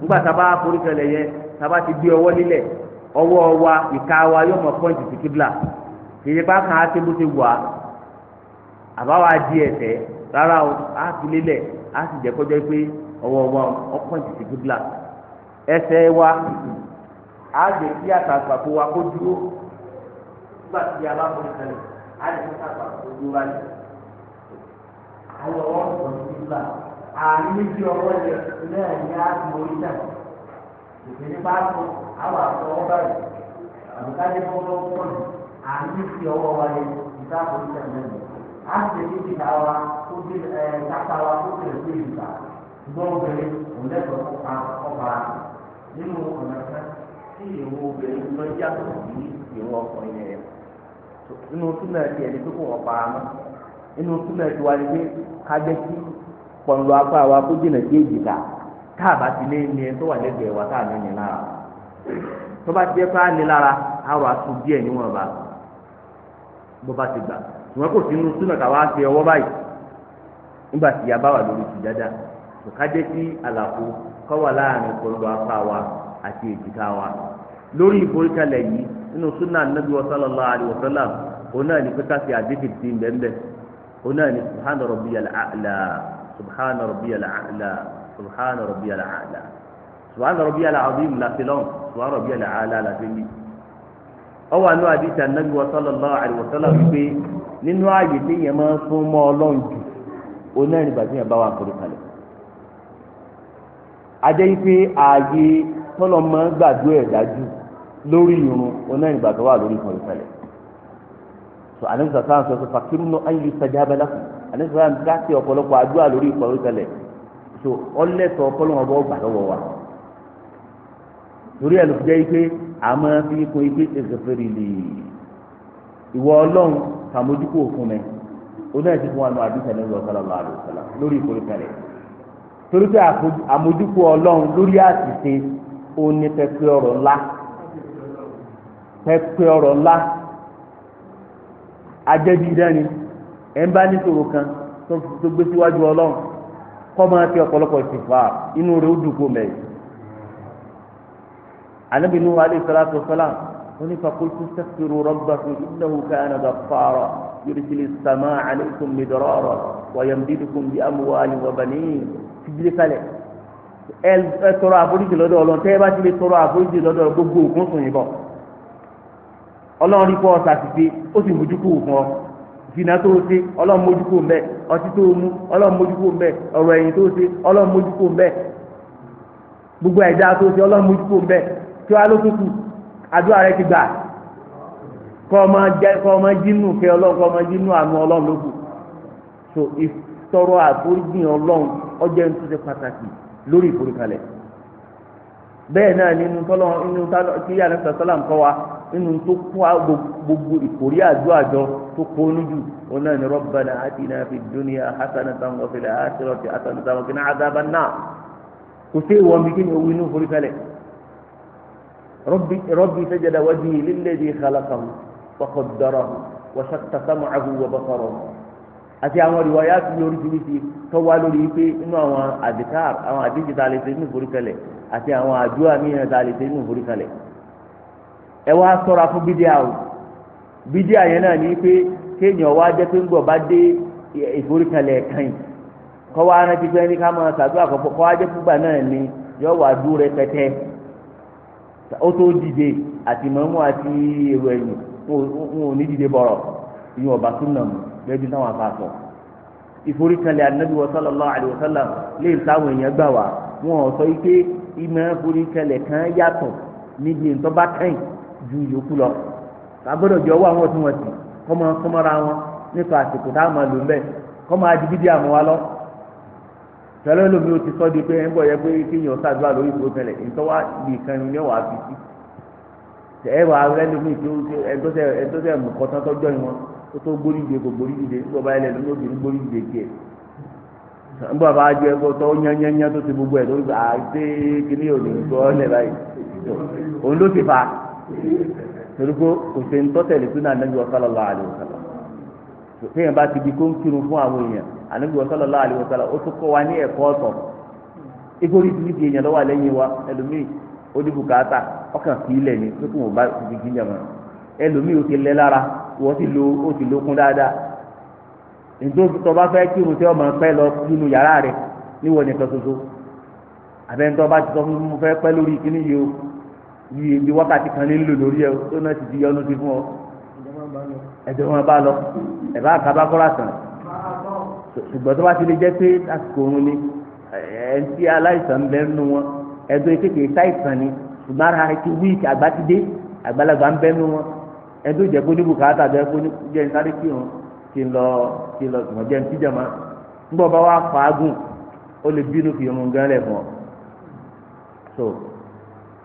nígbà tá a bá foríkalẹ̀ yẹn tá a bá ti gbé ọwọ́ nílẹ̀ ọwọ́ wa ìka wa yóò mọ pọ́ǹtì sí kíbla kìí bá kàn á ti bó ti wà àbáwá di ẹ̀tẹ́ rárá o á fi lélẹ̀ á sì jẹ́ kọjá pé ọwọ́ wa ọ pọ́ǹtì sí kíbla ẹsẹ̀ wa á jẹ́ kí àtàgbàpọ̀ wa kó dúró nígbà tí a bá foríkalẹ̀ á lè fún àtàgbàpọ̀ dúró wáyé. ayọ̀ ọwọ́ ọ̀sán ti gbà àárín méjì ọwọ́ yẹ náà ní àtúmọ̀ orí àwọn báyìí méjì àti tó wa tó ṣùgbọ́n obìnrin lẹ́tọ̀ọ́ nínú ọ̀nà kan tí ìwọ obìnrin ìwọ ọkùnrin yẹn nínú inú súnmọ̀ ẹ̀tọ́ wa ni pé kájẹ́ kí apá wa kó taa sí èjìká na ti lé ní ẹ tó wà lẹ́gbẹ̀ẹ́ wa káà ní ní lára tó bá ti yẹ ká ní lára á wà tún díẹ̀ níwọ̀n bá bó bá ti gbà ṣùgbọ́n kò sí inú súnmọ̀ káwá ṣe ọwọ́ báyìí nígbà tí a bá wà lórí ti dáadáa kò kájẹ́ àlàfo kọ́ wà wa àti èjìká wa lórí ìforíkalẹ̀ yìí nàbí òun náà ní náà ni subhana rabbiyal a'la subhana rabbiyal a'la subhana rabbiyal a'la subhana rabbiyal azim la filọ́n subhana rabbiyal a'la la fi mi. ọwọ́ àánú àdìsí anabi wa sallallahu alayhi wa sallam wípé nínú ààyè tí yẹn máa ń fún mọ́ ọlọ́run jù òun náà ni bàtí yẹn bá wà kórè kalẹ̀. ajẹ́ yìí pé ààyè tọ́lọ́ máa ń gbàdúrà ẹ̀ dájú lórí irun òun náà ni bàtí wà lórí kórè kalẹ̀ so anabi sàlám sọ pé fàkírù nù ayé sàjà abẹ́lá anabi sàlám gáàsì ọ̀pọ̀lọpọ̀ àdúrà lórí ìkọ̀wé tẹ̀lẹ̀ so ọlẹ́tọ̀ ọpọlọ́wọ́ bọ́ gbà lọ́wọ́ wa torí ẹ̀ ló fi jẹ́ ike àmọ́ fi kún ike ẹ̀sẹ̀fẹ̀rì lè ìwọ ọlọ́run kàmójúkò fún mi oní ẹ̀ ti fún wa nù àdúrà ní ọ̀sán lọ́la àdúrà lórí ìkọ̀wé tẹ̀lẹ̀ torí pé àmójúkò ọlọ́run lórí àtìsí ó ní ńlá pẹpẹ ọ̀rọ̀ ńlá ajẹ́bí dání ẹ̀ ń bá níṣòro kan tó gbé síwájú ọlọ́run kọ́ máa fi ọ̀pọ̀lọpọ̀ ìsìnfà inú rẹ̀ ó dùnkò mẹ́rin. Ànábì Nuhu alayhi salatu wasalam wọ́n ní fakultu sẹ́kìrù rabbakum innahu kana ghaffara yursil as-samaa alaykum midrara wa yamdidukum bi fìdílé kalẹ̀. ẹ tọrọ àforíjì lọ́dọ̀ ọlọ́run tẹ́ ẹ bá ti lè tọrọ àforíjì lọ́dọ̀ gbogbo òkun sùn yìí bọ̀. ọlọ́run rí pọ́ ọ̀sà títí ó sì mójúkú fún ọ ìfìnà tó o ṣe ọlọ́run mójúkú mbẹ ọtí tó o mú ọlọ́run mójúkú mbẹ ọ̀rọ̀ ẹ̀yìn tó o ṣe ọlọ́run mójúkú mbẹ gbogbo ẹ̀dá tó o ṣe ọlọ́run mójúkú mbẹ tí wàá ló tútù àdúrà rẹ ti gbà kọ́ ọmọ jẹ kọ́ ọmọ jínú so ìtọrọ ọlọ́run ọjọ́ ẹni tó ṣe pàtàkì nínú tó kó gbogbo ìkórí àjọ àjọ tó kó níjù wọn náà ní rabbana atina fid dunya hasanatan wa fil akhirati hasanatan wa qina adhaban nar kò sí ìwọ mi kí ni owó inú forí kalẹ̀ rabbi sajada wajhi lilladhi khalaqahu wa qaddarahu wa shaqqa sam'ahu wa basarahu àti àwọn ìwáyà tó lórí ti fi tọ́wá lórí pé inú àwọn àdìkár àwọn àdìjì tá inú forí kalẹ̀ àti àwọn àdúrà mìíràn tá a inú forí kalẹ̀ ẹ wá ṣọ́ra fún bídíà o bídíà yẹn náà ní pé kéèyàn wá jẹ́ pé ń gbọ̀ bá dé ìforíkalẹ̀ kan yìí kọ́ wá rántí pé ní ká máa ṣàdúrà àkọ́kọ́ kọ́ wá jẹ́ fúgbà náà ni yọ wà dúró rẹpẹtẹ ó tó dìde àti mọ́mú àti èrò ẹ̀yìn wọn ò ní dìde bọ̀rọ̀ ìyẹn ọ̀bà tún nà mú gẹ́gẹ́ táwọn afa sọ ìforíkalẹ̀ anabi sallallahu alaihi wasallam lè táwọn èèyàn gbà wá wọn ò sọ yìí pé ìmọ̀ ìforíkalẹ̀ kan yàtọ̀ níbi ìtọ́ba kẹ́yìn ju yòókù lọ agbọ́dọ̀ jọ wá wọn otu wọ́n sì kọ́mọ kọ́mọra wọn nípa àsìkò tá a máa lò mbẹ́ kọ́mọ adibidi àmọ́ wa lọ tẹ́lẹ̀ lómi o ti sọ́ di pé ẹ̀ ń bọ̀ yẹ pé kéèyàn ṣàdúrà lórí ìfowó tẹ́lẹ̀ ìtọ́wá lè kan ní ọ̀wá fi sí ẹ rẹ lómi tí ó ẹgbẹ́sẹ̀ ẹgbẹ́sẹ̀ mọ̀kọ́tán tọ́jọ́ ìwọ̀n ó tó gbórí dìde kò gbórí ń bọ̀ gbórí tiẹ̀ ń bọ̀ torí pé kò ṣe ń tọ́tẹ̀lé sínú ànábì sallallahu alaihi wasallam téèyàn bá ti di kó ń kírun fún àwọn èèyàn ànábì sallallahu alaihi wasallam ó tún kọ́ wa ní ẹ̀kọ́ ọ̀tọ̀ ìgbórí ti ní ti èèyàn lọ́wọ́ àlẹ́yìn wa ẹlòmíì fi ilẹ̀ ni tó kún wọn bá ti di jẹ̀mọ́ ẹlòmíì ó ti lẹ́ lára wọ́n ti lo ó ti lókun dáadáa nítorí tó bá fẹ́ kírun tí ọmọ pẹ́ lọ nínú yàrá nìkan àbẹ́ńtọ́ bá ti sọ fún mi mo iye iye wákàtí kan ní lò lórí ẹ tó náà ti di ọdún ti fún ọ ẹjọ wọn bá lọ ẹ bá kaba kọ́ra sàn ṣùgbọ́n tó bá ti lè jẹ́ pé àsìkò òun ni ẹ ti aláìsàn bẹ́ẹ̀ nù wọn ẹjọ kékeré sáìsàn ni ṣùgbọ́n ara ti wíìk àgbà ti dé àgbàlagbà ń bẹ́ẹ̀ nù wọn ẹjọ jẹ́ kó níbu bẹ́ẹ̀ kó níbu jẹ́ nítorí kí wọn kí n lọ kí n lọ sùn jẹ́ ní tíjàmá nígbà wọn bá wà fàágùn ó lè bínú fi irun gán lẹ̀ fún ọ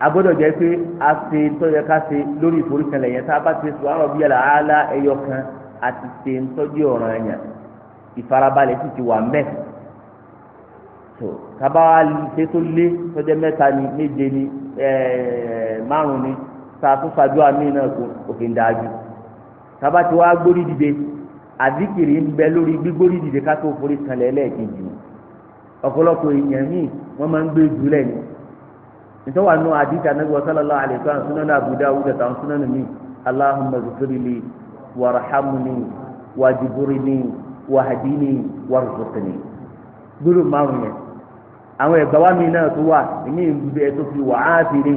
agbọ́dọ̀ jẹ́ pé a ṣe ntọ́jẹ ká ṣe lórí ìforíkanlẹ̀ yẹn tá a bá ti sùn àrùn bíyà làálà ẹyọ kan a ti ṣe ntọ́jú ọ̀ràn ẹ̀yàn ìfarabalẹ̀ sì ti wà mẹ́ tó kábà ṣe tó lé tọ́jẹ́ mẹ́ta ni méje ni eh, márùn ni tá a tún ṣáájú àmì náà kò òkè ń dájú kábà tí wàá gbórí dìde àdìkìrì ń bẹ lórí gbígbórí dìde ká tó forí kanlẹ̀ ẹlẹ́ẹ̀kejì ọ̀pọ̀lọpọ̀ èèyàn míì wọ́n máa ń gbé jùlẹ̀ ni nítorí wà nù àdìsí anábì sallallahu alaihi wasallam sunan Abu Dawud àtàwọn sunan mi Allahumma zikirili warhamni wajiburini wahadini warzuqni gbúdọ̀ márùn yẹn àwọn ẹ̀gbá wa mi náà tó wà èmi ń bẹ tó fi wà á fi ni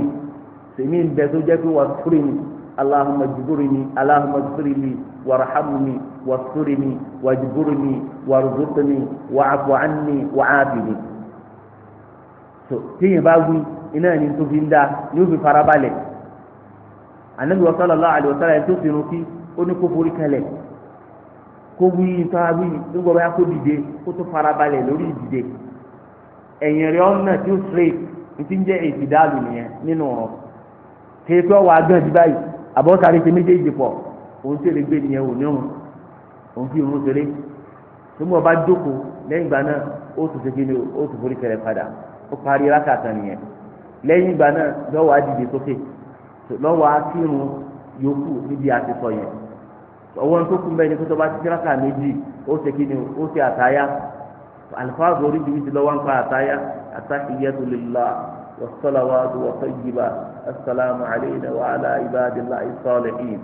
èmi ń bẹ tó jẹ́ pé wà fúri ni jiburini Allahumma zikirili warhamni wasturini wajiburini warzuqni wa'fu anni wa'afini. tíyẹn bá wí. iná ẹni tó fi ń da yóò fi farabalẹ̀ anabi wasa sallallahu alayhi wa sallam tó fi irun sí na ní kó forí kalẹ̀ kó wí nǹkan awí nígbà bá kó dìde kó tó farabalẹ̀ lórí ìdìde ẹ̀yìn rẹ̀ ọ̀nà tí ó straight ti ń jẹ́ ìfidálù nìyẹn nínú ọ̀rọ̀ ti báyìí àbọ̀sáré ti méjèèjì pọ̀ òun gbé nìyẹn wò ní òun òun fi tó mọ̀ bá jókòó lẹ́yìn ìgbà náà ó tún ṣe kí ni ó tún forí kẹlẹ̀ padà ó parí rákàtà nìyẹn. lẹ́yìn ìgbà náà lọ́wọ́ adìde sókè lọ́wọ́ akírun yòókù níbi àtisọ yẹn ọwọ́n tó kú mẹ́rin tó tọ́ba títíráka méjì ó ṣe kíni ó ṣe àtayá alifáàbò orí bíbí ti lọ́wọ́ ń pa àtayá àtàkìyẹ́tò lè la wasalawaatu wasayiba asalaamu aleyna wa ala ibadillah isalihin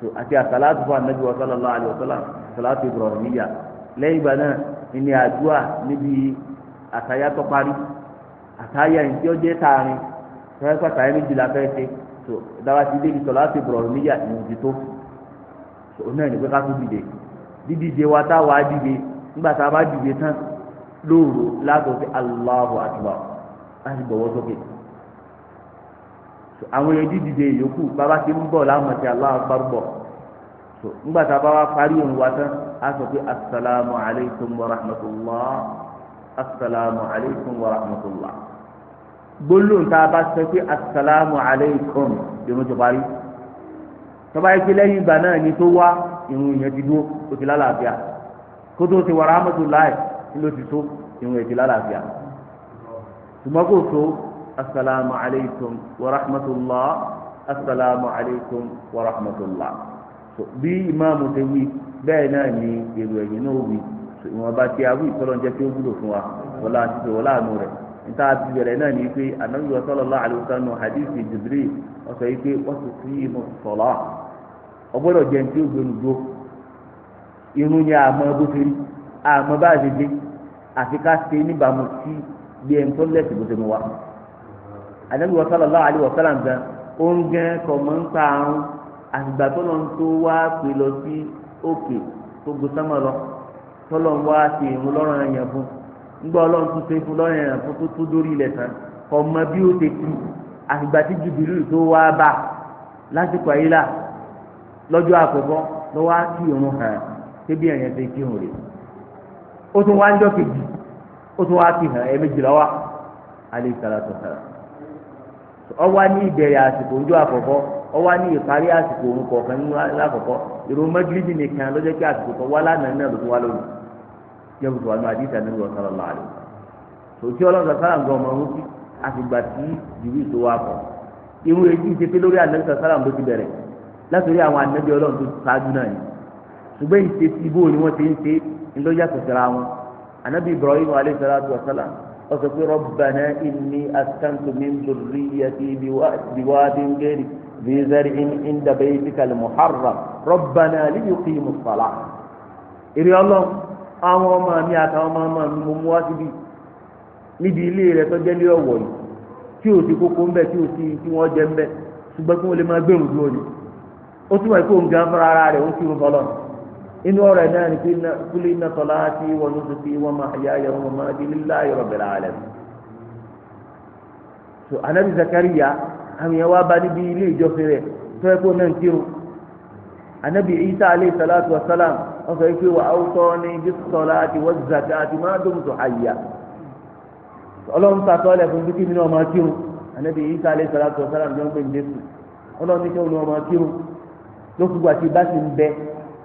so àti àsàlátù fún anabi wa sallallahu alayhi wa sallam àsàlátù ibrahimiya lẹ́yìn ìgbà náà ìní àdúrà níbi àtayá tó parí àtàyà ìdí ọjọ́ taarin fẹ́ẹ́ pàtàkì méjì la fẹ́ẹ́ ṣe tó dábàá ti débi sọ̀rọ̀ láti bọ̀rọ̀ níyà ìwòsì tó tó náà ní pé ká tó dìde dídìde wa tá a wá dìde nígbà tá a bá dìde tán lóòrò látọ̀ sí Allahu Akbar láti bọ̀wọ́ sókè àwọn èèyàn dídìde yòókù bàbá ti ń bọ̀ láwọn ti Allahu Akbar tó nígbà tá a bá wá parí òun wa tán a sọ pé asalaamu wa rahmatulah asalaamu wa rahmatulah gbólóhùn tá a bá sọ pé asalaamu aleykum irun ti parí tọ́ba yìí ti lẹ́yìn ìgbà náà ni tó wá irun yẹn ti dúró o ti lálàáfíà kó tó ti wàrà amadu-láì ló ti tó irun yẹn ti lálàáfíà ṣùgbọ́n kò tó asalaamu aleykum wa rahmatulah asalaamu aleykum wa rahmatulah bí ìmáàmù ti wí bẹ́ẹ̀ náà ni èrò ẹ̀yìn náà wí ìwọ̀nba tí a wí ìtọ́lọ́njẹ́ tí ó wúlò fún wa wọlá àti wọlá àánú rẹ̀ níta ti bẹ̀rẹ̀ náà ni pé anabi sallallahu alaihi wasallam hadithi jibril ọ̀sọ̀ yìí pé wọ́n ti fi inú sọ̀lá ọgbọ́dọ̀ jẹun tí ó gbẹnu dúró irun yẹn àmọ́ bó ṣe rí àmọ́ bá a ṣe dé àfi ká ṣe níbàámu sí bí ẹni tó lẹ̀sìn bó ṣe mú wa anabi sallallahu alaihi wasallam gan oúnjẹ kọ̀mọ́ ń pa àrùn àtìgbà tó lọ́n tó wá pè lọ sí òkè tó gbé lọ tó lọ́n wá ṣe ìrún lọ́rùn fún un ńgbọ́ ọlọ́run tún ṣe fún lọ́yìn ẹ̀ràn tó tó dórí ilẹ̀ tán kọ́ bí ó ṣe ti àgbà tí jùbìlì tó wá bá lásìkò ayé là lọ́jọ́ àkọ́kọ́ lọ́wọ́ á kí irun hàn ẹ̀yẹn ṣe kí rè ó tún wá ń jọ́ kejì ó tún wá kí hàn ẹ̀ẹ́mẹ́jì lọ́wọ́ alẹ́ ìsàlá tó sàrà ọwá ní ìbẹ̀rẹ̀ àsìkò ojú àkọ́kọ́ ọwá ní ìparí àsìkò òun kọ̀ọ̀kan lákọ̀ọ́kọ́ nìkan lọ́jọ́ kí àsìkò kan wá lánàá náà ló tún wá yẹ́n bùtù wàlúù àdìsí ànábì ọ̀sán láàrin tòtí ọlọ́sàn sálàm gan ọmọ wútí àtìgbà tí ìwé tó wà kọ̀ irú èyí ti pé lórí ànábì sálàm bó ti bẹ̀rẹ̀ látòrí àwọn ànábì ọlọ́run tó ṣáájú náà ni ṣùgbọ́n ìṣe ti bó ni wọ́n ti ń ṣe ńlọ yàtọ̀ síra wọn ànábì ibrahim alayhi salatu wa salam ó sọ pé àwọn ọmọ mi àtàwọn ọmọ ọmọ mi mo mú wá síbi níbi ilé rẹ tó jẹ́ lé ọ̀wọ̀ yìí tí o ti kókó ń bẹ tí o ti tí wọ́n jẹ ń bẹ ṣùgbọ́n kí wọ́n lè máa gbẹ̀rù dúró ni ó túmọ̀ pé òun gan fúnra ara rẹ̀ ó ń kírun fọlọ́ inú ọ̀rọ̀ ẹ̀ náà ni pé kúlé iná tọ́lá tí wọ́n ló ti fi wọ́n máa yá yọ wọ́n máa di lílá yọ̀rọ̀ bẹ̀rẹ̀ alẹ́ so anabi zakariya àwọn yẹn wá bá níbi ilé ìjọsìn rẹ̀ tó ẹ kó náà kírun anabi isa aleyhi salatu wa salam wọ́n sọ pé wà á sọ ní bísọ̀lá àti wọ́n zàkà àti má dùmùtò àyà ọlọ́run sàtọ́lẹ̀ fún bí kíni ọmọ kí wọn ànábi yìí sálẹ̀ sọ̀rọ̀ àtọ̀ sálà ní wọ́n pè ní jésù ọlọ́run ní kí wọn ọmọ kí wọn lókùgbà tí bá ti ń bẹ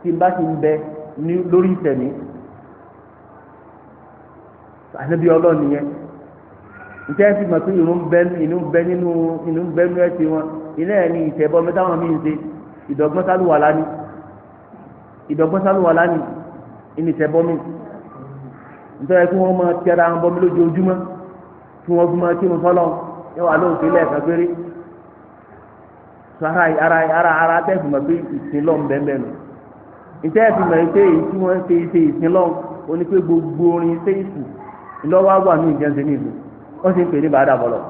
tí bá ti ń bẹ lórí ìtẹ̀mí ànábi ọlọ́run nìyẹn ntẹ́ ti mọ̀ pé inú bẹ inú bẹ nínú inú bẹ nínú ẹ̀sìn wọn ilé ẹ̀ ní ìtẹ̀bọ́ mẹ́ta mí ń ṣe ìdọ́gbọ́n sálùwàlá ni. ìdọ́gbọ́nsálùwàlá ni ìnìtẹ̀bọ́mì nítorí kí wọ́n máa tẹ́ra wọn bọ́mí lójoojúmọ́ kí wọ́n fi máa kírun fọ́lọ́ yóò wà ẹ̀ka péré ara ara ara ara pé ìsìn lọ́n ìtẹ́ pé èyí tí wọ́n ṣe ṣe ìsìn lọ́n pé gbogbo orin ṣe ìsù ìlọ́wọ́ àgbà ní ìjẹun ní ìlú wọ́n sì ń pè ní bàdà bọ̀lọ̀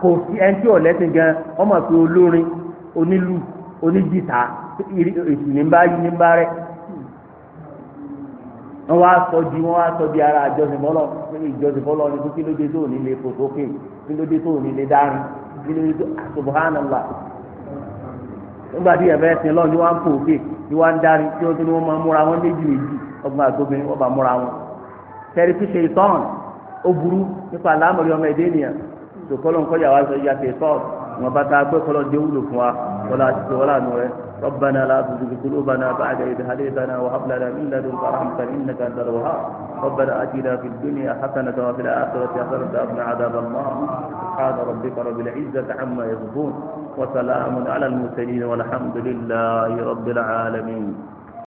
kò sí ẹni tí ò lẹ́sìn gan èsì ní bá yí ní bá rẹ̀ wọ́n wá sọ di wọ́n wá sọ di ara àjọsìn bọ́lọ̀ ìjọsìn bọ́lọ̀ ni kí ló dé tó ní lè fò kí ló dé tó ní lè dárin kí ló dé tó subhanallah nígbà tí ẹ̀fẹ́ ẹ̀sìn lọ́ọ̀ ni wọ́n á fò òkè ni wọ́n á dárin tí wọ́n tún ní wọ́n máa múra wọn méjì méjì ọgbọ́n àtòbìnrin wọ́n bá múra wọn. tẹ̀rí fi ṣe ìtọ́n ó burú nípa àlámọ̀rí ọmọ ẹ̀dẹ́ ènìyàn tòkọ́lọ́ وما تعبوا فلا فوا ولا ولا نور ربنا لا تزغ قلوبنا بعد إذ هديتنا وهب لنا من لدنك رحمة إنك أنت الوهاب ربنا آتنا في الدنيا حسنة وفي الآخرة حسنة وقنا عذاب الله سبحان ربك رب العزة عما يصفون وسلام على المرسلين والحمد لله رب العالمين